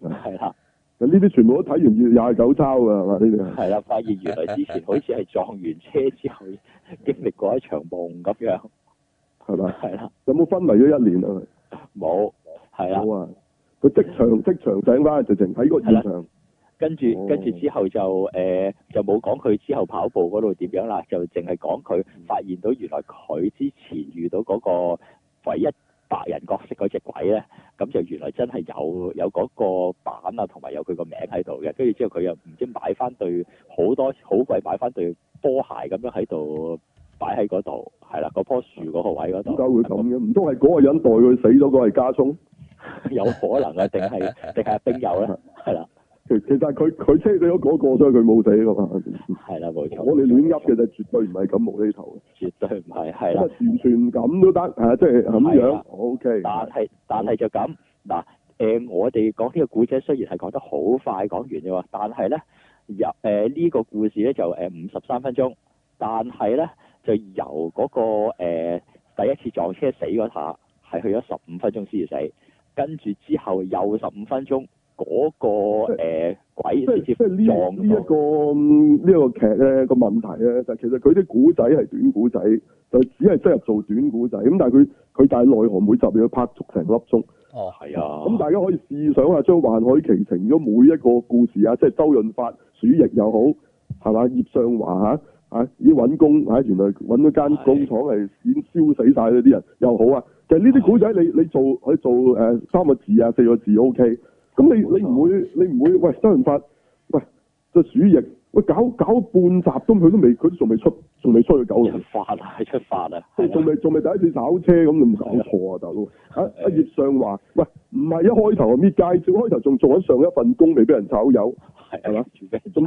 係啦，呢啲全部都睇完又廿九抄噶係嘛？呢啲係啦，發現原來之前好似係撞完車之後 <laughs> 經歷過一場夢咁樣。係嘛？係啦。有冇昏迷咗一年冇，冇啊？冇，係啦。好啊！佢即場即場醒翻，就淨喺嗰個現場。跟住，跟住之後就誒、呃，就冇講佢之後跑步嗰度點樣啦，就淨係講佢發現到原來佢之前遇到嗰個唯一白人角色嗰隻鬼咧，咁就原來真係有有嗰個板啊，同埋有佢個名喺度嘅。跟住之後佢又唔知買翻對好多好鬼，買翻對波鞋咁樣喺度。擺喺嗰度係啦，嗰樖樹嗰個位嗰度點解會咁嘅？唔通係嗰個人代佢死咗？個係家聰 <laughs> 有可能啊？定係定係冰友咧？係啦，其其實佢佢車死咗嗰個，所以佢冇死噶嘛。係啦，冇錯。我哋亂噏嘅就絕對唔係咁無厘頭，絕對唔係係啦，完全咁都得，即係咁樣。O、okay, K，但係但係就咁嗱誒，我哋講呢個古仔，雖然係講得好快，講完啫，但係咧有誒呢個故事咧就誒五十三分鐘，但係咧。呃呃這個就由嗰、那個、呃、第一次撞車死嗰下，係去咗十五分鐘先至死，跟住之後又十五分鐘嗰、那個、呃、鬼直接撞到。這撞到這個這個這個、呢一個呢個劇咧個問題咧，就其實佢啲古仔係短古仔，就只係適合做短古仔。咁但係佢佢但係內含每集要拍足成粒鐘。哦，係、嗯、啊。咁大家可以試想下，將《幻海奇情》嘅每一個故事啊，即係周潤發、鼠疫又好，係嘛？葉尚華嚇。啊！已經揾工，喺原來揾咗間工廠已經燒死晒嗰啲人，又好啊！其實呢啲古仔，你做你做佢做誒、呃、三個字啊，四個字 OK、嗯。咁你你唔會你唔會喂周潤發喂個鼠翼，喂,喂,喂搞搞半集都佢都未佢都仲未出仲未出去九龍出發啊出發啊！即係仲未仲未,未第一次炒車咁，你唔搞錯啊大佬啊！阿、啊、葉尚華喂唔係一開頭咪介紹，開頭仲做緊上一份工，未俾人炒魷。係啊嘛，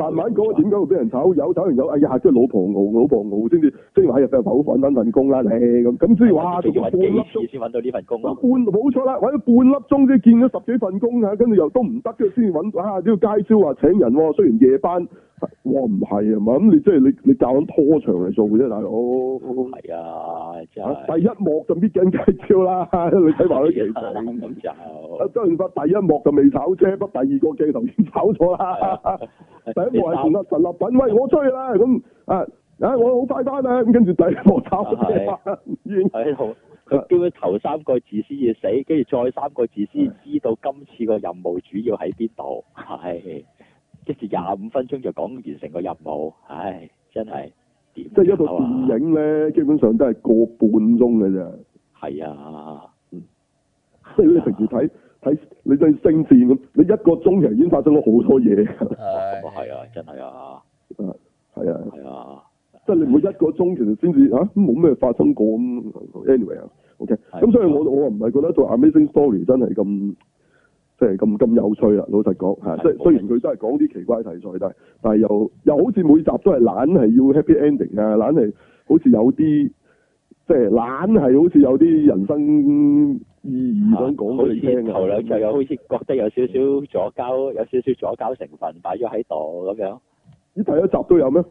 慢慢講，點解會俾人炒？有炒完有，完有哎呀，即係老婆熬，老婆熬先至，即係話喺入邊好揾翻份工，是份工啦，你咁咁所以話，都要幾粒鐘先揾到呢份工？咁半冇錯啦，揾咗半粒鐘先見咗十幾份工吓，跟住又都唔得，跟住先揾，哇！都要街招啊，請人，雖然夜班。哇，唔係啊嘛，咁你即係你你教緊拖場嚟做啫，大佬。係啊真係，第一幕就必緊雞蕉啦，啊、 <laughs> 你睇埋佢技術。咁就周潤發第一幕就未炒車，不、啊、第二個鏡頭已經炒咗啦？係啊、 <laughs> 第一幕係同阿陳立品、啊、喂、嗯、我追啦咁啊啊我好快返啊，咁跟住第二幕炒咗啲白。係、啊。 <laughs> 啊、 <laughs> 佢叫佢頭三個字先至死，跟住再三個字先、啊、知道今次個任務主要喺邊度。係、啊。一時廿五分鐘就講完成個任務，唉，真係點、啊？即係一部電影咧，基本上都係個半鐘嘅啫。係啊，嗯，你平時睇睇、啊，你對星戰咁，你一個鐘其實已經發生咗好多嘢。誒，係啊，真 <laughs> 係啊，係啊，係啊，係啊，啊啊啊即係你每一個鐘其實先至啊，冇咩發生過咁。Anyway，OK，okay。咁、啊、所以我我唔係覺得做 Amazing Story 真係咁。即係咁咁有趣啦、啊！老實講嚇，雖然佢真係講啲奇怪題材，但係但係又又好似每集都係懶係要 happy ending 啊，懶係好似有啲即係懶係好似有啲人生意義想講，啊講啊、好似頭兩集好似覺得有少少左膠，有少少左膠成分擺咗喺度咁樣。依第一集都有咩？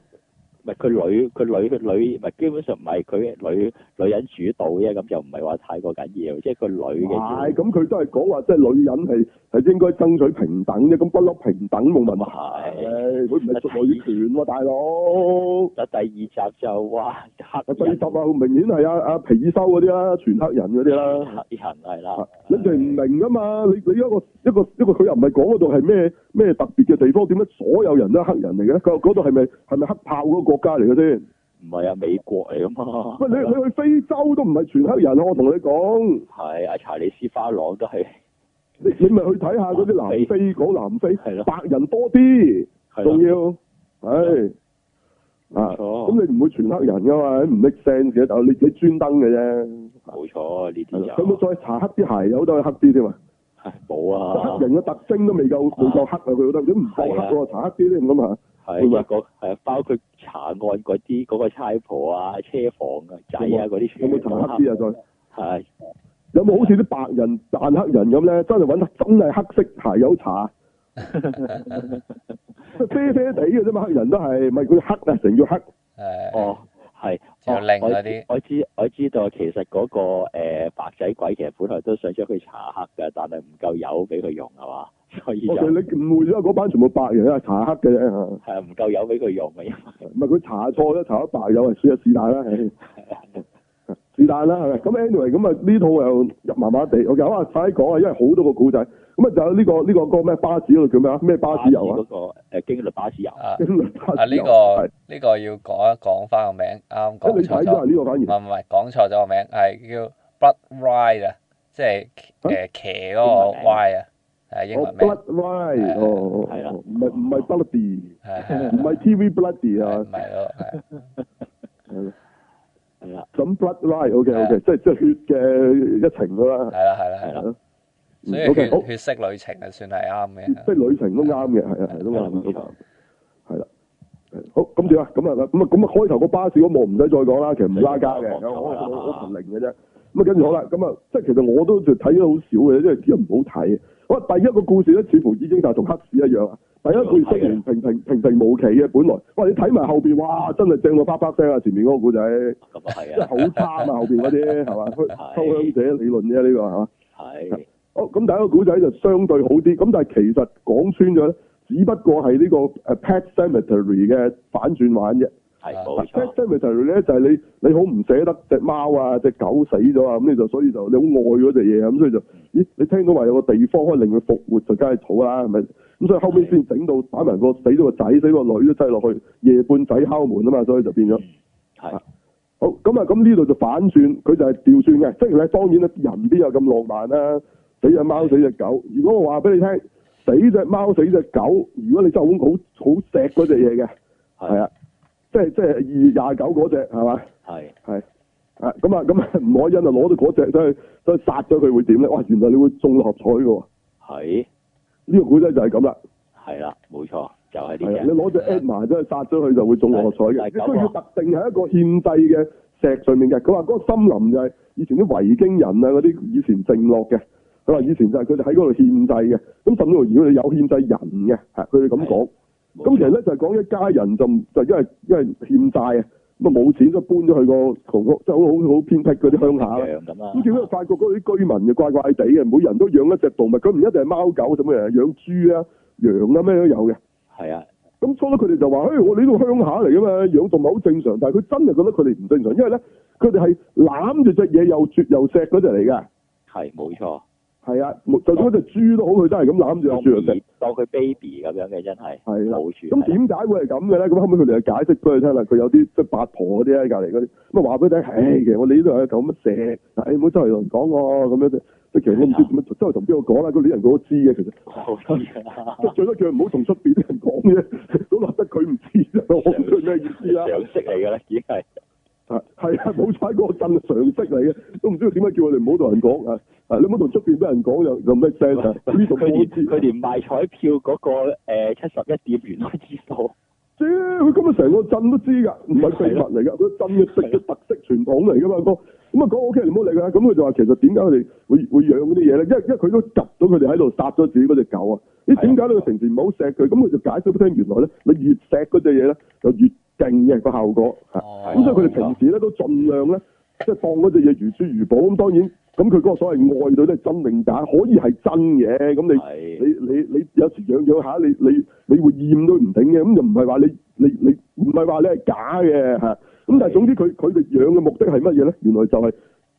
佢女，佢女佢女，基本上唔係佢女女人主導啫，咁就唔係話太過緊要，即係佢女嘅。唔係，咁佢都係講話，即係女人係係應該爭取平等啫，咁不嬲平等冇問題咪係。佢唔係屬女權喎、啊，大佬。第、啊、第二集就哇，黑人。第二集啊，明顯係阿阿皮修嗰啲啦，全黑人嗰啲啦。黑人係啦、啊啊啊啊啊啊。你哋唔明㗎嘛？你、啊、你一個一個、啊、一個，佢又唔係講嗰度係咩？咩特別嘅地方？點解所有人都黑人嚟嘅？佢嗰度係咪係咪黑豹嗰個國家嚟嘅先？唔係啊，美國嚟噶嘛？喂，你你去非洲都唔係全黑人啊！我同你講，係啊，查理斯花郎都係。你你咪去睇下嗰啲南非嗰南非，白人多啲，仲要係啊。咁你唔會全黑人噶嘛？唔 make sense 啊！你自己專登嘅啫。冇錯，呢啲、就是、有。冇再查黑啲鞋？有都係黑啲添嘛。冇啊！黑人嘅特徵都未夠，未夠黑啊！佢覺得都唔夠黑喎，茶黑啲咧咁啊！係咪係啊，包括查案嗰啲嗰個差婆啊、車房啊、仔啊嗰啲、啊啊啊啊啊啊，有冇茶黑啲啊？再係有冇好似啲白人扮黑人咁咧？真係揾真係黑色茶有茶， <laughs> <laughs> <laughs> 啡啡哋嘅啫嘛，黑人都係咪佢黑啊？成日要黑，誒、啊，哦，係、啊。我知我知我知道，我知道其實嗰、那個、呃、白仔鬼其實本來都想將佢查黑㗎，但係唔夠油俾佢用係嘛？所以 okay, 你誤會咗嗰班全部白人係查黑嘅啫，係啊，唔夠油俾佢用咪？唔係佢查錯咗查咗白油係算係是但啦，係是但啦係咁 anyway 咁啊呢套又麻麻地，我哋好快啲講啊，因為好多個古仔。咁啊就呢個呢、這個嗰個咩巴士啊叫咩啊咩巴士遊啊嗰個誒驚慄巴士遊、那個、啊 <laughs> 啊呢、這個呢、這個要講一講翻、啊這個名啱講錯咗唔係唔係講錯咗個名係叫 Blood Ride, 即是、呃、騎 Ride 啊即係誒騎嗰個 ride 啊係英文名、哦、Blood Ride、啊、哦係啦唔係唔係 Bloody 唔係 TV Bloody 啊唔係咯係係啦咁 Blood Ride OK OK 即係即係血嘅一程啦係啦係啦係啦。所以血血色旅程啊，算係啱嘅。即係旅程都啱嘅，係啊，都啱啊，都啱。係啦，好，咁點啊？咁啊咁啊咁啊，開頭個巴士嗰幕唔使再講啦，其實冇拉加嘅，我我我唔明嘅啫。咁啊，跟住好啦，咁啊，即係其實我都就睇咗好少嘅，因為真係唔好睇。哇，第一個故事咧，似乎已經就同黑市一樣啊。第一個故事平平平平平無奇嘅，本來哇，你睇埋後邊哇，真係正到啪啪聲啊！前面嗰個故仔，係啊，即係好差啊嘛，後邊嗰啲係嘛，偷香者理論啫呢個係嘛。係。是。好咁，第一個古仔就相對好啲。咁但係其實講穿咗，只不過係呢個誒 Pet Cemetery 嘅反轉玩啫。係 Pet Cemetery 咧，就係、是、你你好唔捨得隻貓啊、隻狗死咗啊，咁你就所以就你好愛嗰隻嘢啊，咁所以就,所以就咦？你聽到話有個地方可以令佢復活，就梗係草啦，係咪？咁所以後邊先整到打埋個死咗個仔、死,個,子死個女都擠落去夜半仔敲門啊嘛，所以就變咗係、嗯、好咁啊！咁呢度就反轉，佢就係調轉嘅。即係咧，當然咧，人邊有咁浪漫啦、啊。死隻貓，死隻狗。如果我話俾你聽，死隻貓，死隻狗。如果你真係好好錫嗰隻嘢嘅，係啊，即係即係二月廿九嗰隻，係嘛？係係啊，咁、就、啊、是，咁啊，吳海欣啊，攞到嗰隻都去都殺咗佢，了會點咧？哇！原來你會中六合彩嘅喎。係呢、這個古仔就係咁啦。係啦，冇錯，就係呢樣。你攞隻 at 埋，都係殺咗佢就會中六合彩嘅。你需、啊、要特定喺一個獻祭嘅石上面嘅。佢話嗰個森林就係以前啲維京人啊，嗰啲以前剩落嘅。以前就係佢哋喺嗰度獻祭嘅，咁甚至乎如果你有獻祭人嘅，係佢哋咁講。咁其實咧就係講一家人就就因為因為欠債、那個、啊，咁啊冇錢，所以搬咗去個同屋，即係好好好偏僻嗰啲鄉下咧。咁好似法國嗰啲居民就怪怪地嘅，每人都養一隻動物。佢唔一定係貓狗，咁樣啊，養豬啊、羊啊，咩都有嘅。係啊，咁初初佢哋就話，嘿，我你呢個鄉下嚟噶嘛，養動物好正常。但係佢真係覺得佢哋唔正常，因為咧佢哋係攬住隻嘢又絕又錫嗰隻嚟嘅。係冇錯。係啊，就算隻豬都好，佢真係咁攬住隻豬嚟食，當佢 baby 咁樣嘅真係，係啦、啊。咁點解會係咁嘅咧？咁後尾佢哋就解釋俾佢聽啦，佢有啲即八婆嗰啲喺隔離嗰啲，咁啊話俾佢聽，唉、嗯欸，其實我你呢度係咁嚿乜石，你唔好周圍同人講喎、啊，咁樣啫。即其實我唔知點樣，周圍同邊個講啦？嗰啲、啊、人都知嘅其實。好得意啊！即最多佢唔好同出邊啲人講啫，都攬得佢唔知道他不知道。我唔明咩意思啊？常識嚟㗎咧，已經係。啊，係啊，冇彩個鎮嘅常識嚟嘅，都唔知道點解叫我哋唔好同人講啊！啊，你唔好同出邊啲人講又又咩聲啊！呢度知，佢、啊、連賣彩票嗰、那個誒七十一碟原來知道，佢今日成個鎮都知噶，唔係秘密嚟噶，佢鎮嘅食嘅特色傳統嚟噶嘛，哥、那個。咁啊講 OK，你唔好理佢。咁佢就話其實點解佢哋會會養嗰啲嘢咧？因為因為佢都及到佢哋喺度殺咗自己嗰隻狗啊！你點解佢平時唔好錫佢？咁佢就解釋俾佢聽，原來咧，你越錫嗰隻嘢咧，就越勁嘅個效果，咁、啊嗯、所以佢哋平時咧都盡量咧，即、嗯、係當嗰隻嘢如珠如寶。咁當然，咁佢嗰個所謂愛到都係真定假，可以係真嘅。咁你你你你有時養養下，你你你會厭都唔定嘅。咁就唔係話你你你唔係話你係假嘅。咁但係總之佢佢哋養嘅目的係乜嘢咧？原來就係、是、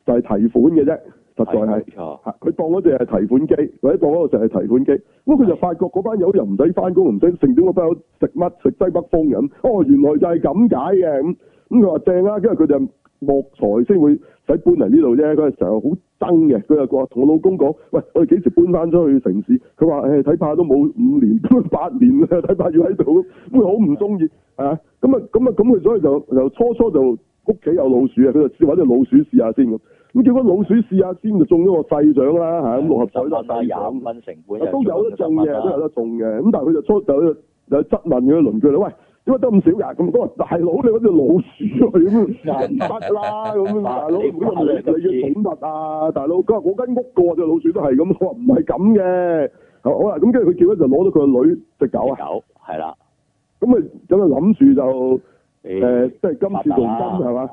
就係、是、提款嘅啫。實在係，錯，佢當嗰隻係提款機，或者當嗰個就係提款機，咁佢就發覺嗰班友又唔使翻工，唔使，成咗嗰班友食乜食西北風咁，哦，原來就係咁解嘅，咁、嗯，咁佢話正啊，因為佢哋係木材先會使搬嚟呢度啫，佢成日好憎嘅，佢又話同我老公講，喂，我哋幾時搬翻出去城市？佢話誒，睇、哎、怕都冇五年八年啦，睇怕要喺度，咁佢好唔中意，係嘛？咁啊，咁啊，咁佢所以就，由初初就屋企有老鼠啊，佢就試搵隻老鼠試下先咁。咁叫嗰老鼠試一下先，就中咗個細獎啦嚇，咁、嗯、六合彩啦，但係有廿蚊成本，都有得中嘅，都、啊、有得中嘅。咁但係佢就出就就質問佢鄰居啦，喂，點解得咁少人？咁佢話大佬，你嗰隻老鼠啊，咁寵物啦咁啊，大 <laughs> 佬，你要寵物啊？大佬，佢話：我間屋個隻老鼠都係咁。我話唔係咁嘅。好啦，咁跟住佢叫咧就攞咗佢個女隻狗啊，狗係啦。咁咪咁就諗住就誒、呃欸，即係今次同金係嘛？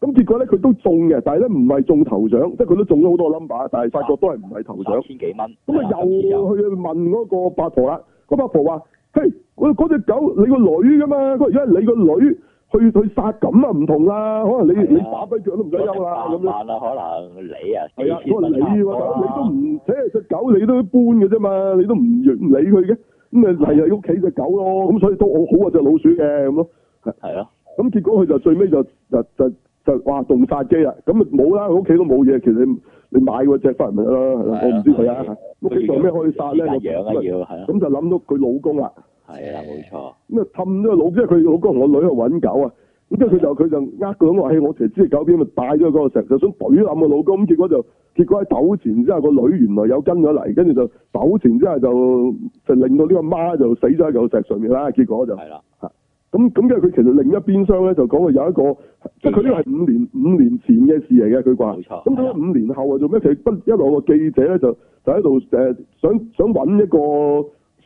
咁結果咧，佢都中嘅，但係咧唔係中頭獎，即係佢都中咗好多 number，但係發覺都係唔係頭獎。千幾蚊，咁啊又去問嗰個八婆啦，嗰八婆話：嘿，我嗰隻狗你個女噶嘛，如果你個女去去殺咁啊唔同啦，可能你你打跛腳都唔使憂啦咁啦，可能你啊，係啊，我話你喎、啊啊，你都唔，誒、哎、隻狗你都一般嘅啫嘛，你都唔唔理佢嘅，咁咪係啊屋企隻狗咯，咁所以都好好過隻老鼠嘅咁咯。係啊，咁結果佢就最尾就就就。就話，動殺機啦，咁冇啦，屋企都冇嘢。其實你你買嗰隻返嚟咪得咯。我唔知佢啊，屋企做咩可以殺咧？養係啊。咁就諗到佢老公啦。係啦，冇錯。咁啊氹咗個老，即係佢老公同個女去搵狗啊。咁跟住佢就佢就呃佢，話喺我成日知你狗邊，咪帶咗個石，就想懟冧個老公。結果就結果喺斗前之後，個女原來有跟咗嚟，跟住就斗前之後就就令到呢個媽就死咗喺狗石上面啦。結果就係啦。咁咁，跟住佢其實另一邊廂咧，就講佢有一個，即係佢呢個係五年五年前嘅事嚟嘅，佢話。冇錯。咁到咗五年後啊，做咩？佢不一路個記者咧，就就喺度想想搵一個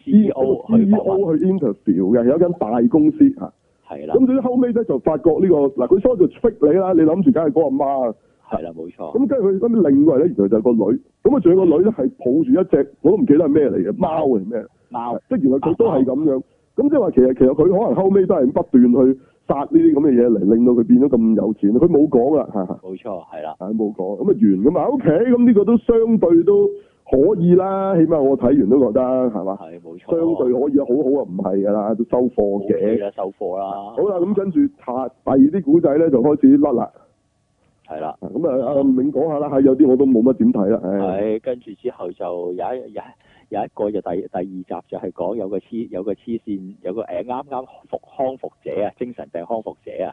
CEO 去，去 interview 嘅，有間大公司係啦。咁佢後後尾咧，就發覺呢、呢個嗱，佢所以就識你啦，你諗住梗係嗰個阿媽係啦，冇錯。咁跟住佢跟啲另外咧，原來就係個女。咁啊，仲有一個女咧，係抱住一隻我都唔記得係咩嚟嘅，貓定咩？貓。即係原來佢都係咁樣。啊啊咁即係話，其實其實佢可能後尾都係不斷去殺呢啲咁嘅嘢嚟，令到佢變咗咁有錢。佢冇講噶，冇錯，係啦，冇講。咁啊完咁啊，O K，咁呢個都相對都可以啦。起碼我睇完都覺得，係嘛？係冇錯，相對可以，嗯、好好啊，唔係噶啦，都收貨嘅，okay，收貨啦。好啦，咁跟住下第二啲古仔咧，就開始甩啦。係啦，咁啊阿永講下啦，係有啲我都冇乜點睇啦，係。跟住之後就有一日有，有一個就第第二集就係講有個黐有個黐線有個誒啱啱復康復者啊，精神病康復者啊，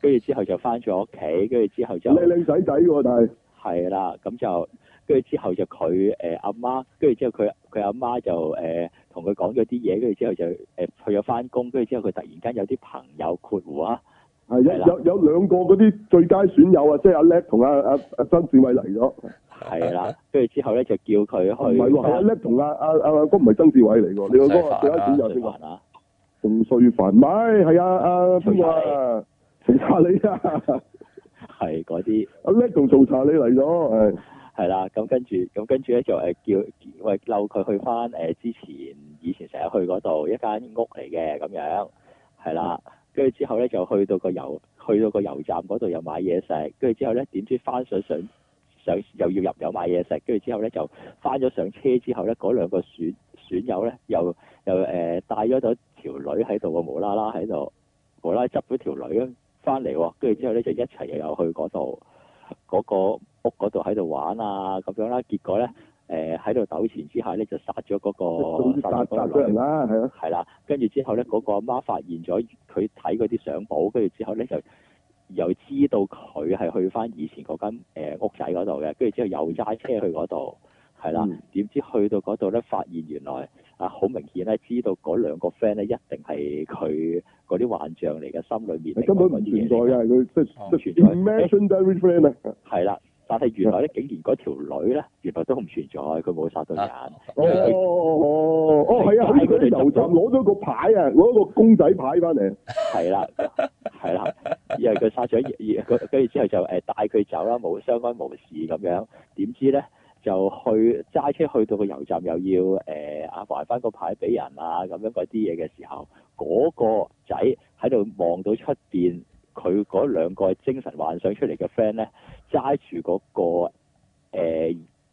跟住之後就翻咗屋企，跟住之後就靚靚仔仔喎，但係係啦，咁就跟住之後就佢誒阿媽，跟住之後佢佢阿媽就誒同佢講咗啲嘢，跟住之後就誒、呃、去咗翻工，跟住之後佢突然間有啲朋友括弧啊。係啊， <music> 有有，有兩個嗰啲最佳損友啊，即係阿叻同阿阿阿，阿曾志偉嚟咗。係啦，跟住之後咧就叫佢去、就是。唔、啊、阿叻同阿阿阿哥唔係曾志偉嚟喎，你個哥啊，最佳損友又邊個？仲衰凡，唔係，係啊，阿陳啊！陳茶你啊，係嗰啲。阿叻同宋茶你嚟咗，係。係啦，咁跟住咁跟住咧就誒叫喂，溜佢去返誒之前以前成日去嗰度一間屋嚟嘅咁樣，係啦。跟住之後咧，就去到個油，去到個油站嗰度又買嘢食。跟住之後咧，點知翻上上上又要入油買嘢食。跟住之後咧，就翻咗上車之後咧，嗰兩個損損友咧，又又誒、呃、帶咗咗條女喺度喎，無啦啦喺度無啦啦拒咗條女咁翻嚟。跟住之後咧，就一齊又又去嗰度嗰個屋嗰度喺度玩啊咁樣啦。結果咧～誒喺度糾纏之下咧，就殺咗嗰個殺咗嗰、那個女啦，係咯、啊，係啦、啊，跟住之後咧，嗰、那個阿媽，媽發現咗佢睇嗰啲相簿，跟住之後咧就又知道佢係去返以前嗰間、呃、屋仔嗰度嘅，跟住之後又揸車去嗰度，係啦，點、嗯、知去到嗰度咧，發現原來啊，好明顯咧，知道嗰兩個 friend 咧一定係佢嗰啲幻象嚟嘅，心裏面的根本唔存在嘅，佢即係即係 imagine 嗰啲 friend 啊，係啦。欸嗯但係原來咧，竟然嗰條女咧，原來都唔存在，佢冇殺到人。哦哦哦哦，係、哦哦哦哦、啊，喺嗰個油站攞咗個牌啊，攞咗個公仔牌翻嚟。係、啊、啦，係啦、啊啊，因為佢殺咗，跟住之後就誒帶佢走啦，冇相關冇事咁樣。點知咧就去揸車去到個油站，又要誒啊、呃、還翻個牌俾人啊咁樣嗰啲嘢嘅時候，嗰、那個仔喺度望到出邊。佢嗰兩個係精神幻想出嚟嘅 friend 咧，揸住嗰個、呃、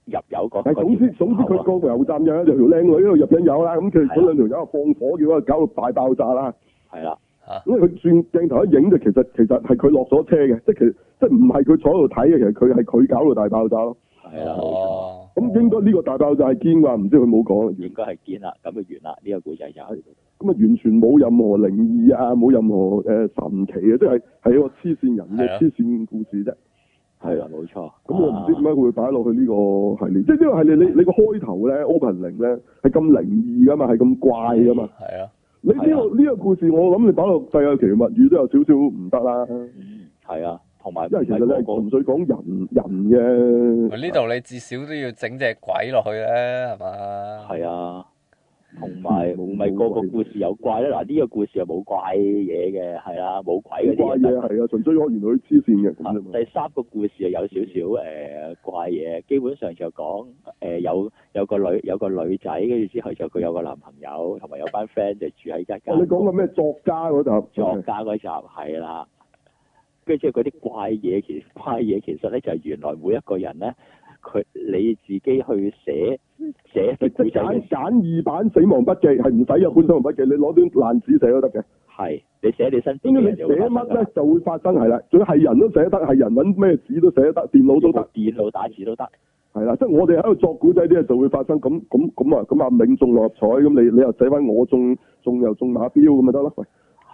入油嗰、那個，但總之、啊、總之佢個油站有條靚女喺度入緊油啦，咁佢嗰兩條友放火要啊，搞到大爆炸啦。係啦、啊，咁佢轉鏡頭一影就其實其實係佢落咗車嘅，即係其實即係唔係佢坐喺度睇嘅，其實佢係佢搞到大爆炸咯。係啊，咁、哦、應該呢個大爆炸係堅啩，唔知佢冇講，應該係堅啦，咁就完啦，呢、呢個故仔就係咁。咁啊，完全冇任何靈異啊，冇任何誒、呃、神奇嘅啊，即係係一個黐線人嘅黐線故事啫。係啊，冇錯。咁我唔知點解會擺落去呢個系列，即係呢個系列，你你個開頭咧，opening 咧係咁靈異噶嘛，係咁怪噶嘛。係啊。你呢、呢個呢、啊呢個故事，我諗你擺落《世界奇物語》都有少少唔得啦。係啊，同埋、那個，因為其實你係純粹講人人嘅。呢度你至少都要整隻鬼落去咧，係嘛？係啊。係啊，係啊。同埋，唔係個個故事有怪咧。嗱，呢、這個故事又冇怪嘢嘅，係啦、啊，冇鬼嗰啲。怪嘢係啊，純粹我原來啲黐線嘅。第三個故事啊，有少少誒、嗯呃、怪嘢，基本上就講誒、呃、有有個女有個女仔，跟住之後就佢有個男朋友，同埋有班 friend 就住喺一間。你講個咩作家嗰集？作家嗰集係啦，跟住之後嗰啲怪嘢其實怪嘢其實咧就係、是、原來每一個人咧。佢你自己去寫，寫出條簡簡易版死亡筆記係唔使有本死亡筆記，你攞啲爛紙寫都得嘅。係，你寫你身，總之你寫乜咧就會發生，係啦，仲要係人都寫得，係人搵咩紙都寫得，電腦都得，電腦打字都得。係啦，即係我哋喺度作古仔啲嘢，就會發生，咁咁咁啊，咁阿銘中六合彩，咁你你又寫翻我中中，中又中馬標咁咪得咯？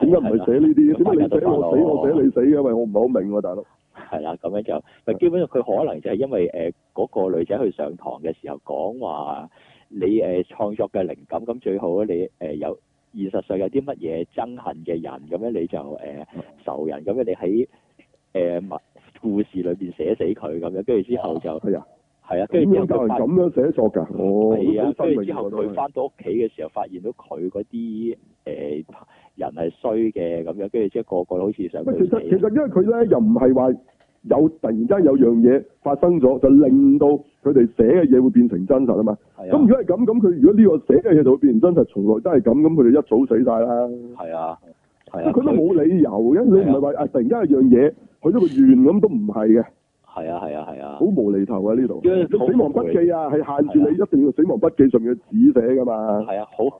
點解唔係寫呢啲，點解你寫我死，我寫你死，寫你死，因為我唔係好明喎，大佬。係啦、啊，咁樣就咪基本上佢可能就係因為誒嗰、呃那個女仔去上堂嘅時候講話你誒、呃、創作嘅靈感，咁最好你誒、呃、有現實上有啲乜嘢憎恨嘅人，咁樣你就誒、呃、仇人，咁樣你喺誒、呃、故事裏邊寫死佢咁樣，跟住之後就係啊，係啊，跟住有冇人咁樣寫作㗎？哦，係啊，跟住之後佢返到屋企嘅時候，發現到佢嗰啲誒人係衰嘅咁樣，跟住即係個個都好似想其。其實因為佢咧又唔係話。有突然間有樣嘢發生咗，就令到佢哋寫嘅嘢會變成真實啊嘛。咁如果係咁，咁佢如果呢個寫嘅嘢就會變成真實，從來都係咁，咁佢哋一早死晒啦。係啊，即係佢都冇理由嘅、啊。你唔係話啊？突然間有一樣嘢，佢都個圓咁都唔係嘅。係啊，係啊，係啊，好無厘頭啊！呢度死亡筆記啊，係、啊、限住你一定要死亡筆記上面嘅紙寫噶嘛。係啊，好。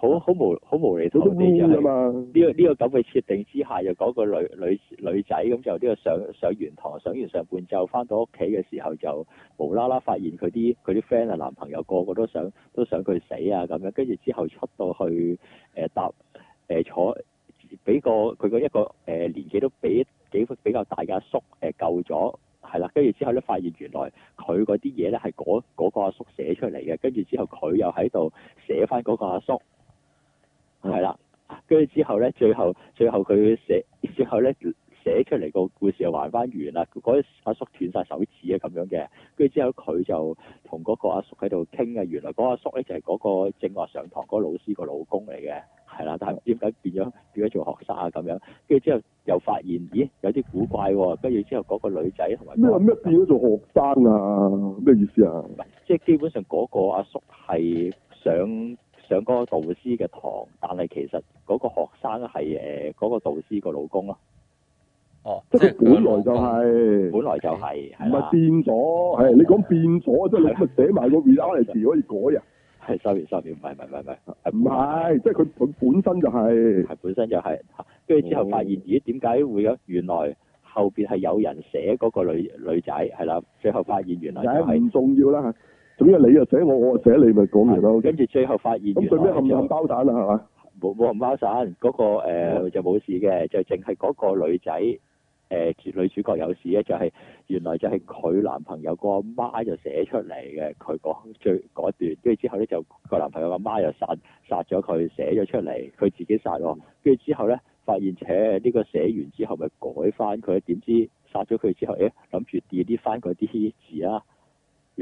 好好無好無厘頭嘅就係呢個呢個咁嘅設定之下，就講個女女女仔咁就呢個上上完堂，上完上半晝翻到屋企嘅時候，就無啦啦發現佢啲佢啲 friend 啊男朋友個個個都想都想佢死啊咁樣，跟住之後出到去誒搭誒坐，俾個佢個一個誒年紀都比幾幅比較大嘅阿叔誒救咗，係啦，跟住之後咧發現原來佢嗰啲嘢咧係嗰個嗰個阿叔寫出嚟嘅，跟住之後佢又喺度寫翻嗰個阿叔。係啦，跟住之後咧，最後最後佢寫，最後咧寫出嚟個故事又還翻完啦。嗰阿叔斷晒手指啊，咁樣嘅。跟住之後佢就同嗰個阿叔喺度傾啊，原來嗰阿叔咧就係嗰個正話上堂嗰老師個老公嚟嘅，係啦。但係點解變咗變咗做學生啊？咁樣。跟住之後又發現，咦，有啲古怪喎。跟住之後嗰個女仔同埋咩咩變咗做學生啊？咩意思啊？即係基本上嗰個阿叔係想。上嗰個導師嘅堂，但係其實嗰個學生係誒嗰個導師個老公咯，啊。哦，即係佢本來就係、是，本來就係、是，唔係變咗。係你講變咗，即係你寫埋個 reality 可以改啊？係 sorry sorry 唔係唔係唔係，唔係即係佢本、就是就是、本身就係、是，係本身就係、是，跟住之後發現咦，點解會咁？原來後面係有人寫嗰個女女仔係啦，最後發現原來就係、是、唔重要啦。咁啊，你又寫我，我寫你，咪講完咯。跟、OK? 住、啊、最後發現咁最包蛋啦係嘛？冇冇唔包蛋，嗰、那個就冇事嘅，就淨係嗰個女仔、呃、女主角有事咧，就係、是、原來就係佢男朋友個阿媽就寫出嚟嘅，佢講最嗰段。跟住之後咧，就佢男朋友個阿媽又殺殺咗佢，寫咗出嚟，佢自己殺喎。跟住之後咧，發現，且呢個寫完之後咪改翻佢，點知殺咗佢之後，誒諗住 delete 翻佢啲字啊！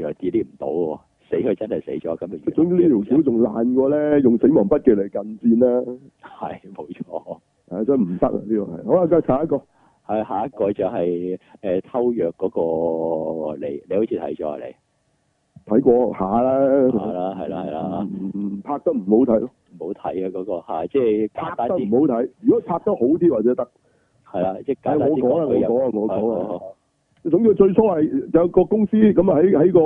又接啲唔到喎，死佢真係死咗，咁總之這條還呢條橋仲爛過咧，用死亡筆記嚟近戰啦，係冇錯，真係唔得啊呢個係，好啦，再下一個係、啊、下一個就係、是、誒、呃、偷藥嗰、那個你，你好似睇咗啊你睇過下，下啦，係啦係啦係啦，唔、嗯嗯嗯、拍得唔好睇咯、啊，唔好睇啊嗰、那個係即係拍得唔好睇，如果拍得好啲或者得係啦，即係我講啊，你講啊，我講啊。總之最初係有個公司咁，啊喺喺個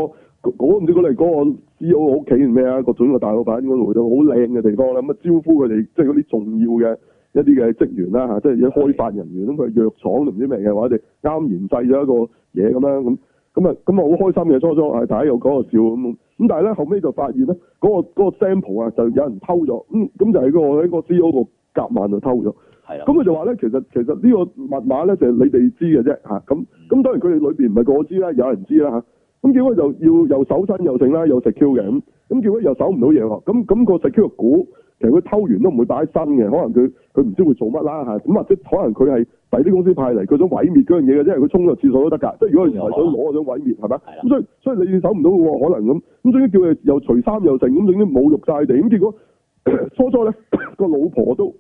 我唔知嗰嚟嗰個 CEO 屋企係咩啊個總嘅大老闆嗰度好靚嘅地方啦，咁啊招呼佢哋即係嗰啲重要嘅一啲嘅職員啦嚇，即係一啲開發人員咁佢藥廠定唔知咩嘅話，佢啱研製咗一個嘢咁樣咁咁啊咁，啊好開心嘅初初係大家又講又笑咁咁，但係咧後尾就發現咧嗰、嗰個嗰個 sample 啊就有人偷咗，咁咁就係、嗰個喺、嗰個 CEO 個夾萬度偷咗。係咁佢就話咧，其實其實呢個密碼咧，就係、是、你哋知嘅啫嚇，咁、嗯、咁、啊、當然佢哋裏邊唔係個個知啦，有人知啦嚇，咁、啊結,啊、結果又要又搜身又剩啦，又食 Q 嘅咁，咁結果又搜唔到嘢，咁、那、咁個食 Q 個股，其實佢偷完都唔會擺喺身嘅，可能佢佢唔知會做乜啦嚇，咁、啊啊、或者可能佢係第啲公司派嚟，佢想毀滅嗰樣嘢嘅，即係佢衝個廁所都得㗎，即係、就是、如果係想攞想毀滅係咪？咁、啊、所以所以你搜唔到，可能咁咁、啊，所以叫佢又除衫又剩，咁已經侮辱晒地，咁、啊、結果 <laughs> 初初咧呢個 <laughs> 老婆都。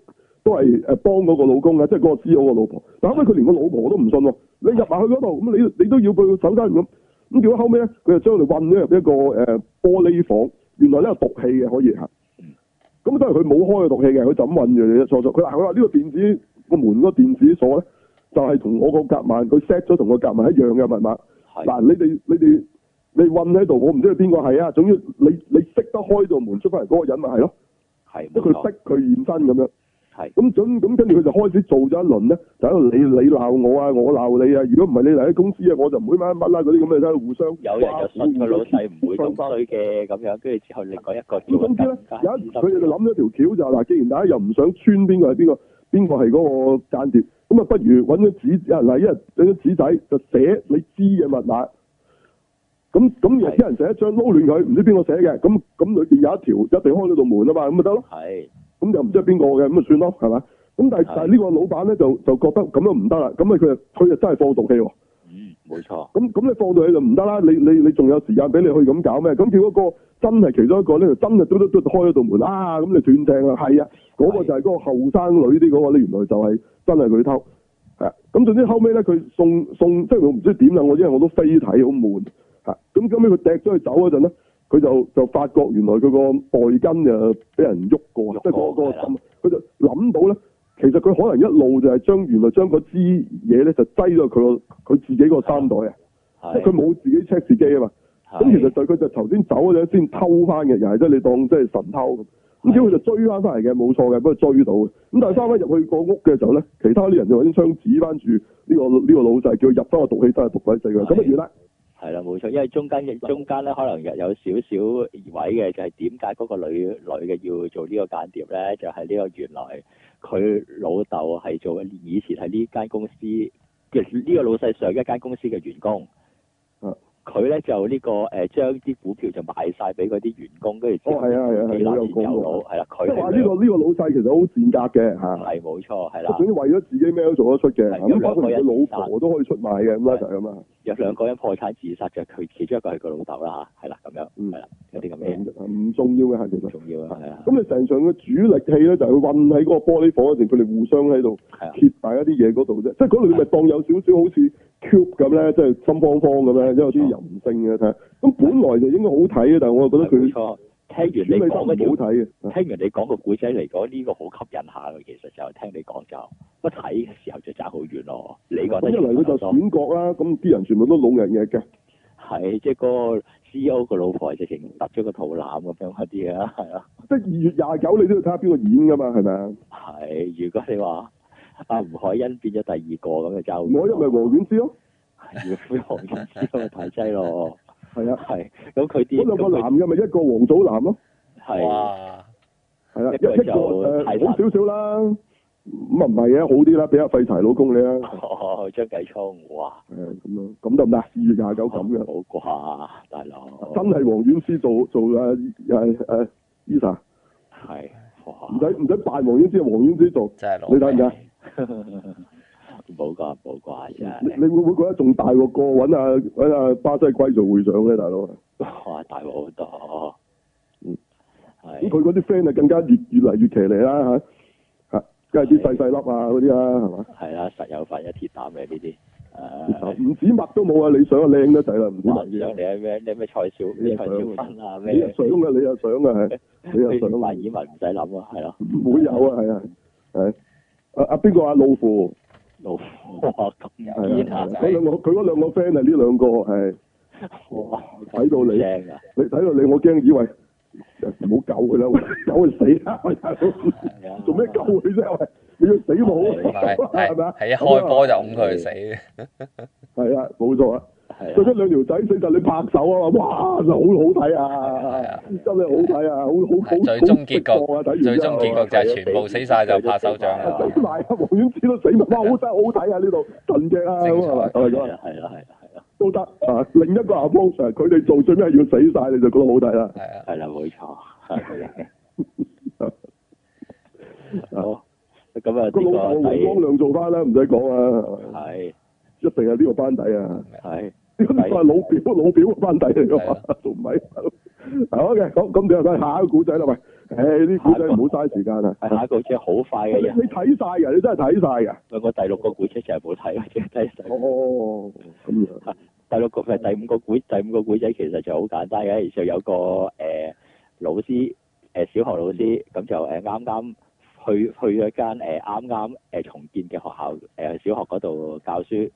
都係誒幫嗰個老公啊，即係嗰個知我個老婆。但後尾佢連個老婆我都唔信喎。你入埋去嗰度，咁你你都要去手身咁。咁結果後尾咧，佢就將佢運咗入一個玻璃房。原來呢個毒氣嘅可以吓。咁都係佢冇開個毒氣嘅，佢就咁運住嚟一坐佢話：佢話呢個電子個門嗰個電子鎖咧，就係同我個夾萬佢 set 咗同個夾萬一樣嘅密碼。嗱，你哋你哋你運喺度，我唔知係邊個係啊。總之你你識得開到門出翻嚟嗰個人咪係咯。係。即佢識佢現身咁樣。係咁準，咁跟住佢就開始做咗一輪咧，就喺度你你鬧我啊，我鬧你啊。如果唔係你嚟喺公司啊，我就唔會買乜啦嗰啲咁嘅啦，互相有嚟嘅。兩個老細唔會爭翻嚟嘅咁樣，跟住之後另外一個橋。總之咧，呢有一佢哋就諗咗條橋就，嗱，既然大家又唔想穿邊個係邊個，邊個係嗰個間諜，咁啊不如揾咗紙啊，嗱一人揾咗紙仔就寫你知嘅密碼。咁咁有啲人寫一張撈亂佢，唔知邊個寫嘅，咁咁裏邊有一條一定開咗道門啊嘛，咁咪得咯。係。咁又唔知邊個嘅，咁咪算咯，係咪？咁但係但係呢個老闆咧就就覺得咁樣唔得啦，咁咪佢就佢就真係放毒氣喎。冇錯。咁咁你放到氣就唔得啦，你你你仲有時間俾你去咁搞咩？咁叫嗰個真係其中一個咧，就、那個、真係嘟嘟嘟開咗道門啊！咁你斷正啦，係啊，嗰、那個就係嗰個後生女啲嗰、那個咧，那個、原來就係真係佢偷係。咁、啊、總之後尾咧，佢送送即係我唔知點啦，我因為我都飛睇好悶嚇。咁咁尾佢掟咗佢走嗰陣咧。佢就就發覺原來佢個袋巾就俾人喐過，即係嗰個諗，佢就諗到咧，其實佢可能一路就係將原來將個支嘢咧就擠咗佢個佢自己個衫袋啊，即係佢冇自己 check 自己啊嘛。咁其實就佢就頭先走咗，嗰陣先偷翻嘅，又係即係你當即係神偷咁。咁之後佢就追翻返嚟嘅，冇錯嘅，不過追到嘅。咁第三位入去個屋嘅時候咧，其他啲人就揾啲槍指翻住呢、呢個呢、呢個老細，叫佢入翻個毒氣室，毒鬼死佢。咁不如來～係啦，冇錯，因為中間嘅中間咧，可能有有少少疑點嘅，就係點解嗰個女女嘅要做呢個間諜咧？就係、是、呢個原來佢老豆係做以前喺呢間公司嘅呢、呢個老細上一間公司嘅員工。佢咧就呢、呢個誒將啲股票就賣晒俾嗰啲員工，跟住自己攞錢走佬，係、哦、啦、啊啊啊嗯。即係話呢個呢、呢個老細其實好賤格嘅。係冇錯，係啦、啊。總之為咗自己咩都做得出嘅。咁包括佢老婆都可以出賣嘅，咁就係咁啊。有、就、兩、是、個人破產自殺，就佢其中一個係個老豆啦嚇，係啦咁樣，嗯係啦、啊，有啲咁嘅。唔、嗯嗯嗯嗯、重要嘅係最重要、嗯、重要啊。咁你成場嘅主力戲咧，就係佢運喺嗰個玻璃房嗰陣，佢哋互相喺度揭埋一啲嘢嗰度啫。即係嗰度，你咪當有少少好似。cube 咁咧，即係心慌慌咁咧，即係有啲人性嘅，睇下。咁本來就應該好睇嘅，但係我係覺得佢，錯。聽完你講嘅好睇嘅，聽完你講、這個古仔嚟講呢個好吸引一下嘅，其實就是、聽你講就，一睇嘅時候就差好遠咯。你覺得？咁一嚟佢就選角啦，咁啲人全部都老人嘢嘅。係，即係個 CEO 個老婆直情搭咗個肚腩咁嗰啲啊，係啊。即係二月廿九，你都要睇下邊個演噶嘛，係咪啊？係，如果你話。阿吳海欣變咗第二個咁嘅就，我入咪王菀之咯，係灰王菀之都係太擠咯，係啊係，咁佢啲兩個男嘅咪一個王祖藍咯、啊，係、啊，係啦、啊、一,一一個、啊、好少少啦，咁啊唔係嘅好啲啦，俾阿廢柴老公你啊，哦張繼聰哇，咁、啊、咯，咁得唔得二月廿九咁嘅，我啩大佬，真係王菀之做做誒係誒 Eason 係，唔使唔使扮王菀之，王菀之做，做做啊啊啊啊、做你睇唔睇？冇掛冇掛你會唔會覺得仲大鑊過揾啊，啊？巴西龜做會長嘅大佬？大鑊好多，嗯係。咁佢嗰啲 friend 啊，就更加越越嚟越騎呢啦吓吓，都係啲細細粒啊嗰啲啊，係、啊、嘛？係啊，實有份，有鐵膽嘅呢啲。啊，吳子墨都冇啊你想，想，你你你想你啊，靚得仔啦，唔同嘅。你有咩？你有咩蔡少你蔡少芬啊？咩？ <laughs> 想嘅你又想啊，係你又想都萬二萬唔使諗啊，係、嗯、啊，會有啊，係啊，係。啊！阿邊個啊？老虎，老虎啊！咁樣啊！嗰兩個佢嗰兩個 friend 係呢兩個係，哇！睇到你，你睇到你，我驚以為，唔好救佢啦，救就死啦！做咩救佢啫？喂，你要死冇係咪啊？係一開波就㧬佢死，係啊，冇錯啊！就咗兩條仔死就你拍手啊哇，就好好睇啊,啊，真係好睇啊,啊，好好、啊、好，最終結局，啊、最終結局就係全部死晒就拍手掌啦、啊啊。死埋啊，黃遠志都死埋、啊，哇，真好真係好睇啊呢度，勁劇啊咁啊嘛，係啦係啦，好得啊,啊，另一個阿方丈，佢哋做最屘係要死晒，你就覺得好睇啦。係啊，係啦、啊，冇錯。啊、 <laughs> 好，咁啊，個老豆黃光亮做翻啦，唔使講啊。係，一定係呢個班底啊。係。都 <laughs> 係老表老表兄弟嚟嘅，仲唔係？好嘅，咁咁就睇下一個古仔啦，喂！誒，啲古仔唔好嘥時間啊，係下一個即係好快嘅嘢。 <laughs> 你睇晒㗎，你真係睇晒㗎。兩個第六個古仔就係冇睇，即哦，咁第六個第五個古第五個古仔其實就好簡單嘅，就有個誒、呃、老師誒、呃、小學老師咁就誒啱啱去去咗間誒啱啱誒重建嘅學校誒、呃、小學嗰度教書，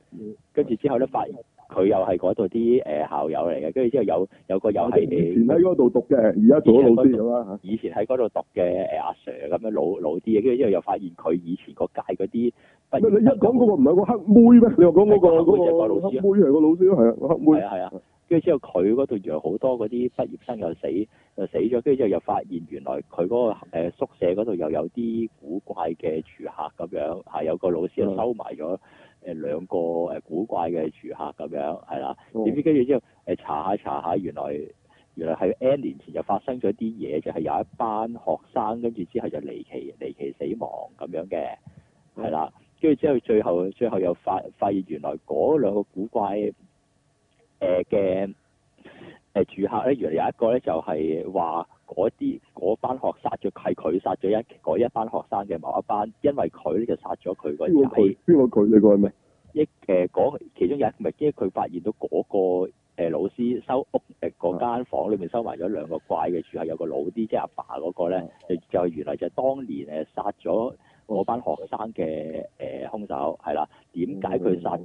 跟住之後咧發現，佢又係嗰度啲誒校友嚟嘅，跟住之後有有個友係以前喺嗰度讀嘅，而家做老師咁啦，以前喺嗰度讀嘅誒阿 Sir 咁樣老老啲嘅，跟住之後又發現佢以前個屆嗰啲畢業生，你一講嗰個唔係個黑妹咩？你話講嗰個黑妹、嗰個黑妹係個老師咯，係啊，黑妹啊，係啊。跟住之後佢嗰度原來好多嗰啲畢業生又死又死咗，跟住之後又發現原來佢嗰個宿舍嗰度又有啲古怪嘅住客咁樣，係有個老師收埋咗。嗯誒兩個誒古怪嘅住客咁樣，係啦，點知跟住之後誒查下查下，原來原來喺 N 年前就發生咗啲嘢，就係、是、有一班學生跟住之後就離奇離奇死亡咁樣嘅，係啦，跟、嗯、住之後最後最後又發發現原來嗰兩個古怪誒嘅誒住客咧，原來有一個咧就係話。嗰啲班學生，著係佢殺咗一一班學生嘅某一班，因為佢咧就殺咗佢嗰人。邊個佢？你講係咪？一誒、呃，其中有一日，因為佢發現到嗰、嗰個、呃、老師收屋誒嗰、呃、間房裏面收埋咗兩個怪嘅，仲係有個老啲，即係阿爸嗰個咧，就就原來就係當年誒殺咗嗰班學生嘅誒、呃、兇手，係啦。點解佢殺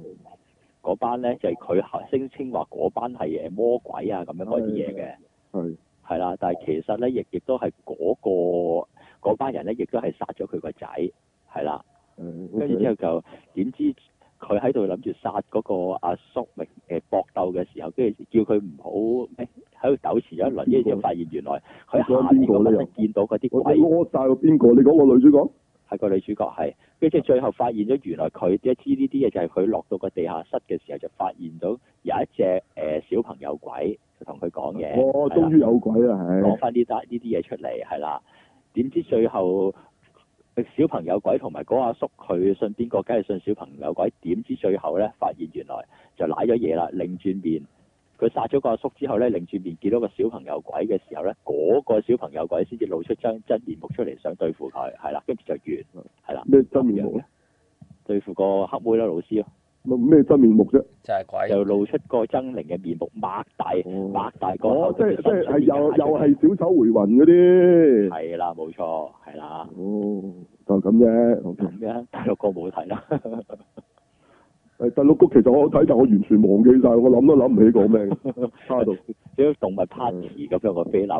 嗰班咧？就係、係、佢聲稱話嗰班係魔鬼啊，咁樣嗰啲嘢嘅。係。係啦，但係其實咧，亦亦都係嗰個嗰班人咧，亦都係殺咗佢個仔，係啦。嗯，跟住之後就點、okay. 知佢喺度諗住殺嗰個阿、啊、叔明，明、呃、誒搏鬥嘅時候，跟住叫佢唔好喺度糾纏咗一輪，之後就發現原來佢下一、嗰個咧又見到嗰啲鬼，我我殺過邊個？你講個女主角？係個女主角係，跟住最後發現咗，原來佢即知呢啲嘢，就係佢落到個地下室嘅時候就發現到有一隻誒、呃、小朋友鬼，同佢講嘢。哦，終於有鬼啦，係講翻呢啲呢啲嘢出嚟，係啦。點知最後小朋友鬼同埋嗰阿叔、叔，佢信邊個？梗係信小朋友鬼。點知最後咧，發現原來就瀨咗嘢啦，擰轉面。佢殺咗個阿叔，叔之後咧，擰住面見到個小朋友鬼嘅時候咧，嗰、那個小朋友鬼先至露出真真面目出嚟想對付佢，係啦，跟住就完咯，係啦。咩真面目咧？對付個黑妹啦，老師咯。咩真面目啫？就係鬼。就露出個猙獰嘅面目，擘大擘、哦、大個、哦、即係即係，又又係小丑回魂嗰啲。係啦，冇錯，係啦。哦，就咁啫。咁樣第、okay. 六個冇睇啦。 <laughs> 誒，第六局其實我睇，但我完全忘記晒，我諗都諗唔起講咩嘅。喺 <laughs> 度，好似動物 party 咁樣個飛流。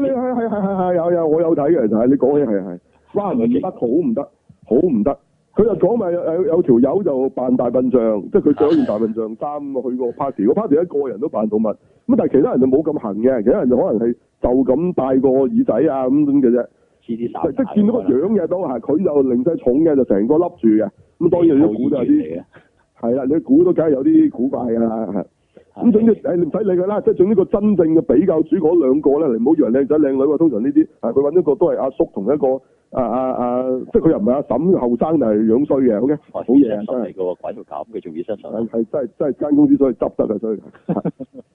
你係係係係係有有我有睇嘅，就係你講起係係。拉唔住，好唔得好唔得？佢就講埋有有條友就扮大笨象，即係佢着件大笨象衫去個 party 個 party，一個人都扮動物。咁但係其他人就冇咁痕嘅，其他人就可能係就咁戴個耳仔啊咁嘅啫。即係見到個樣嘅都係，佢就令勢重嘅，就成個笠住嘅。咁當然啲估都有啲嘢。係啦，你估都梗係有啲古怪㗎啦。咁總之，睇唔使理佢啦，即係總之，個真正嘅比較，主角兩個啦，你唔好以為靚仔靚女喎。通常呢啲，係佢揾一個都係阿叔同一個啊啊啊，即係佢又唔係阿嬸後生就係樣衰嘅。O K，好嘢真係個鬼叫搞，佢仲要一身喪。係真係真係間公司所以執得啊，所以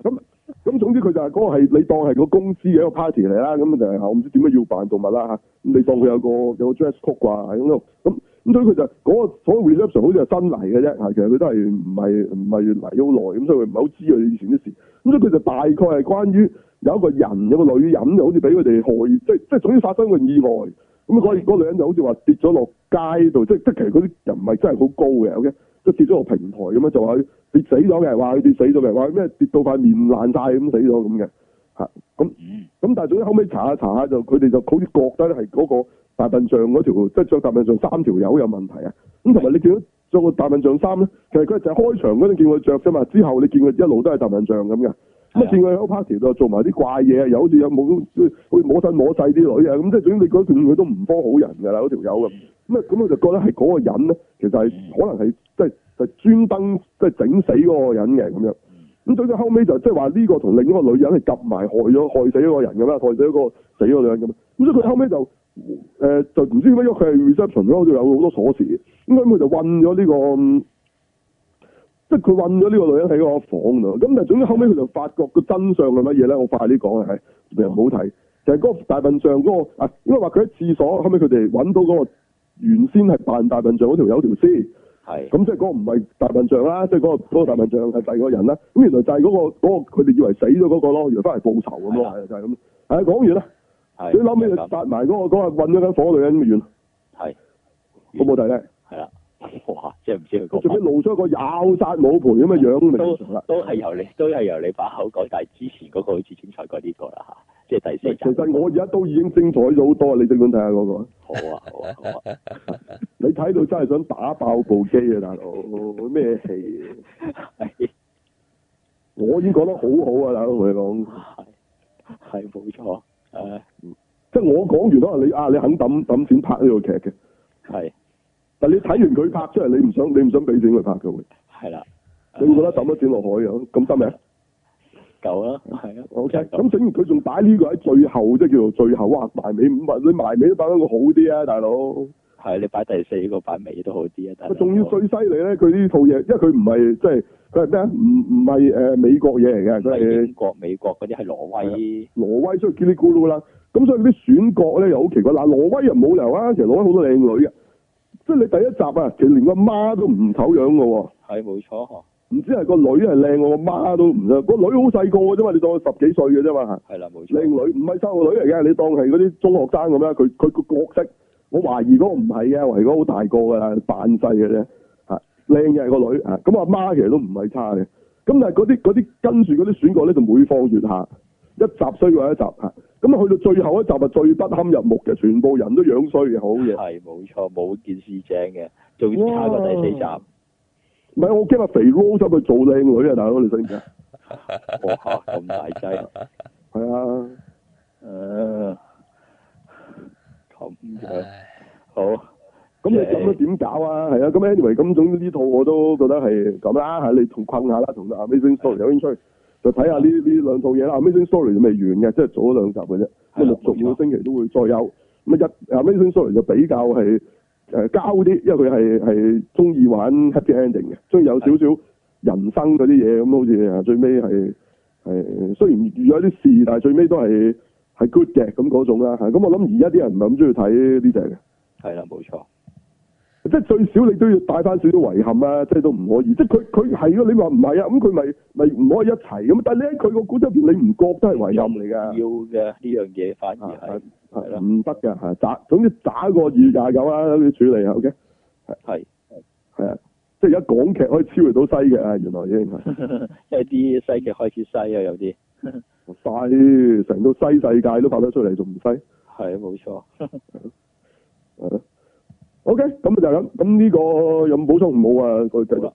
咁咁總之佢就係嗰、那個係你當係個公司嘅一個 party 嚟啦。咁就係我唔知點樣要辦動物啦嚇。咁你當佢有個有個 dress code 啩喺度咁。咁所以佢就嗰、嗰個所謂 reception 好似係真嚟嘅啫，吓，其實佢都係唔係唔係嚟咗好耐，咁所以佢唔係好知佢以前啲事。咁所以佢就大概係關於有一個人有個女人，就好似俾佢哋害，即係即係總之發生個意外。咁所以嗰女人就好似話跌咗落街度，即即其實嗰啲唔係真係好高嘅，OK，即跌咗個平台咁樣，就話佢跌死咗嘅，話佢跌死咗嘅，話咩跌，跌到塊面爛晒咁死咗咁嘅。咁、嗯、咁，但係總之後尾查下查下就佢哋就好似覺得係嗰個大笨象嗰條，即係著大笨象三條友有問題啊！咁同埋你見到著個大笨象衫咧，其實佢就係開場嗰陣見佢着啫嘛，之後你見佢一路都係大笨象咁嘅，咁見佢喺 party 度做埋啲怪嘢，又好似有冇好似摸身摸細啲女啊咁，即係總之你嗰段佢都唔幫好人噶啦，嗰條友咁，佢咁我就覺得係嗰個人咧，其實係、嗯、可能係即係專登即係整死嗰個人嘅咁樣咁最屘後尾就即係話呢個同另一個女人係夾埋害咗害，害死一個人咁啊，害死一個死嗰女人咁。咁所以佢後尾就誒就唔知點解，佢係 reception 嗰度有好多鎖匙，咁所以佢就困咗呢個，即係佢困咗呢個女人喺、呃嗯這個嗯、個，個房度。咁但係總之後尾佢就發覺個真相係乜嘢咧？我快啲講啊，係唔好睇，就係嗰個大笨象嗰、那個啊，應該話佢喺廁所。後尾佢哋揾到嗰個原先係扮大笨象嗰條有條屍。係，咁即係嗰個唔係大笨象啦，即係嗰個個大笨象係第二個人啦，咁原來就係嗰、那個嗰、那個佢哋以為死咗嗰、那個咯，原來翻嚟報仇咁咯，係、啊啊、就係、是、咁，吓講、啊、完啦，你諗起殺埋嗰個嗰、那個混咗間火女咁嘅樣，係，好冇睇咧，係啦，哇，即係唔知佢做咩露出一個咬殺老婆咁嘅樣，樣、啊、都係係由你，都係由你把口講，但係之前嗰個好似精彩過呢個啦吓。即係第四集。其實我而家都已經精彩咗好多，你盡管睇下嗰個。 <laughs> 好啊，好啊，好啊！ <laughs> 你睇到真係想打爆部機啊，大佬！咩戲？ <laughs> 我已經講得好好啊，大佬，同你講。係，係冇錯。誒、啊，即係我講完可能你啊，你肯抌抌錢拍呢個劇嘅。係。但你睇完佢拍出嚟，你唔想你唔想俾錢佢拍嘅會。係啦。你會覺得抌咗錢落海咁得未？有係啊,啊，OK。咁整完佢仲擺呢個喺最後，即叫做最後哇，埋尾五物，你埋尾都擺翻個好啲啊，大佬。係，你擺第四個擺尾都好啲啊，大佬。仲要最犀利咧，佢呢套嘢，因為佢唔係即係佢係咩唔唔係誒美國嘢嚟嘅，佢係英國美國嗰啲係挪威。啊、挪威出去 Kuru, 所以嘰哩咕嚕啦，咁所以啲選角咧又好奇怪。嗱、啊，挪威又冇理由啊，其實挪威好多靚女嘅，即係你第一集啊，其實連個媽都唔醜樣嘅喎、啊。係，冇錯。唔知係個女係靚，我個媽都唔靚。個女好細個嘅啫嘛，你當佢十幾歲嘅啫嘛。係啦，冇錯。靚女唔係瘦個女嚟嘅，你當係嗰啲中學生咁樣。佢佢個角色，我懷疑嗰個唔係嘅，懷疑嗰好大個嘅，扮細嘅啫。吓，靚嘅係個女。吓，咁阿媽其實都唔係差嘅。咁但係嗰啲嗰啲跟住嗰啲選角咧，就每況愈下，一集衰過一集。吓，咁去到最後一集啊，最不堪入目嘅，全部人都樣衰好嘢。係冇錯，冇件事正嘅，仲要差過第四集。唔係，我驚阿肥佬走去做靚女家想想 <laughs> <laughs> 啊，大佬，你識唔識？我咁大劑啊！係啊，誒，咁好，咁你咁都點搞啊？係啊，咁 anyway，咁種呢套我都覺得係咁啦，你同困下啦，同 Amazing Story、啊、有興趣就睇下呢呢兩套嘢啦，就是啊。Amazing Story 就未完嘅，即係早咗兩集嘅啫，咁就每個星期都會再有。咁一 Amazing Story 就比較係。誒、呃，交啲，因為佢係係中意玩 happy ending 嘅，中意有少少人生嗰啲嘢。咁好似啊，最尾係係雖然有啲事，但係最尾都係係 good 嘅，咁嗰種啦。咁我諗而家啲人唔係咁中意睇呢隻嘅。係啦，冇錯。即係最少你都要帶翻少少遺憾啊，即係都唔可以。即係佢佢係你話唔係啊，咁佢咪咪唔可以一齊咁？但係你喺佢個故事入邊，你唔覺得係遺憾嚟噶？要嘅呢樣嘢，反而係。係啦，唔得嘅，吓渣，總之打過二廿九啦，啲處理啊，OK，係係係啊，即係而家港劇可以超越到西嘅，啊，原來已經係一啲西劇開始西啊，有啲西成個西世界都拍得出嚟，仲唔西？係冇錯。OK，咁就係咁，咁呢個有冇補充？唔好啊，過繼續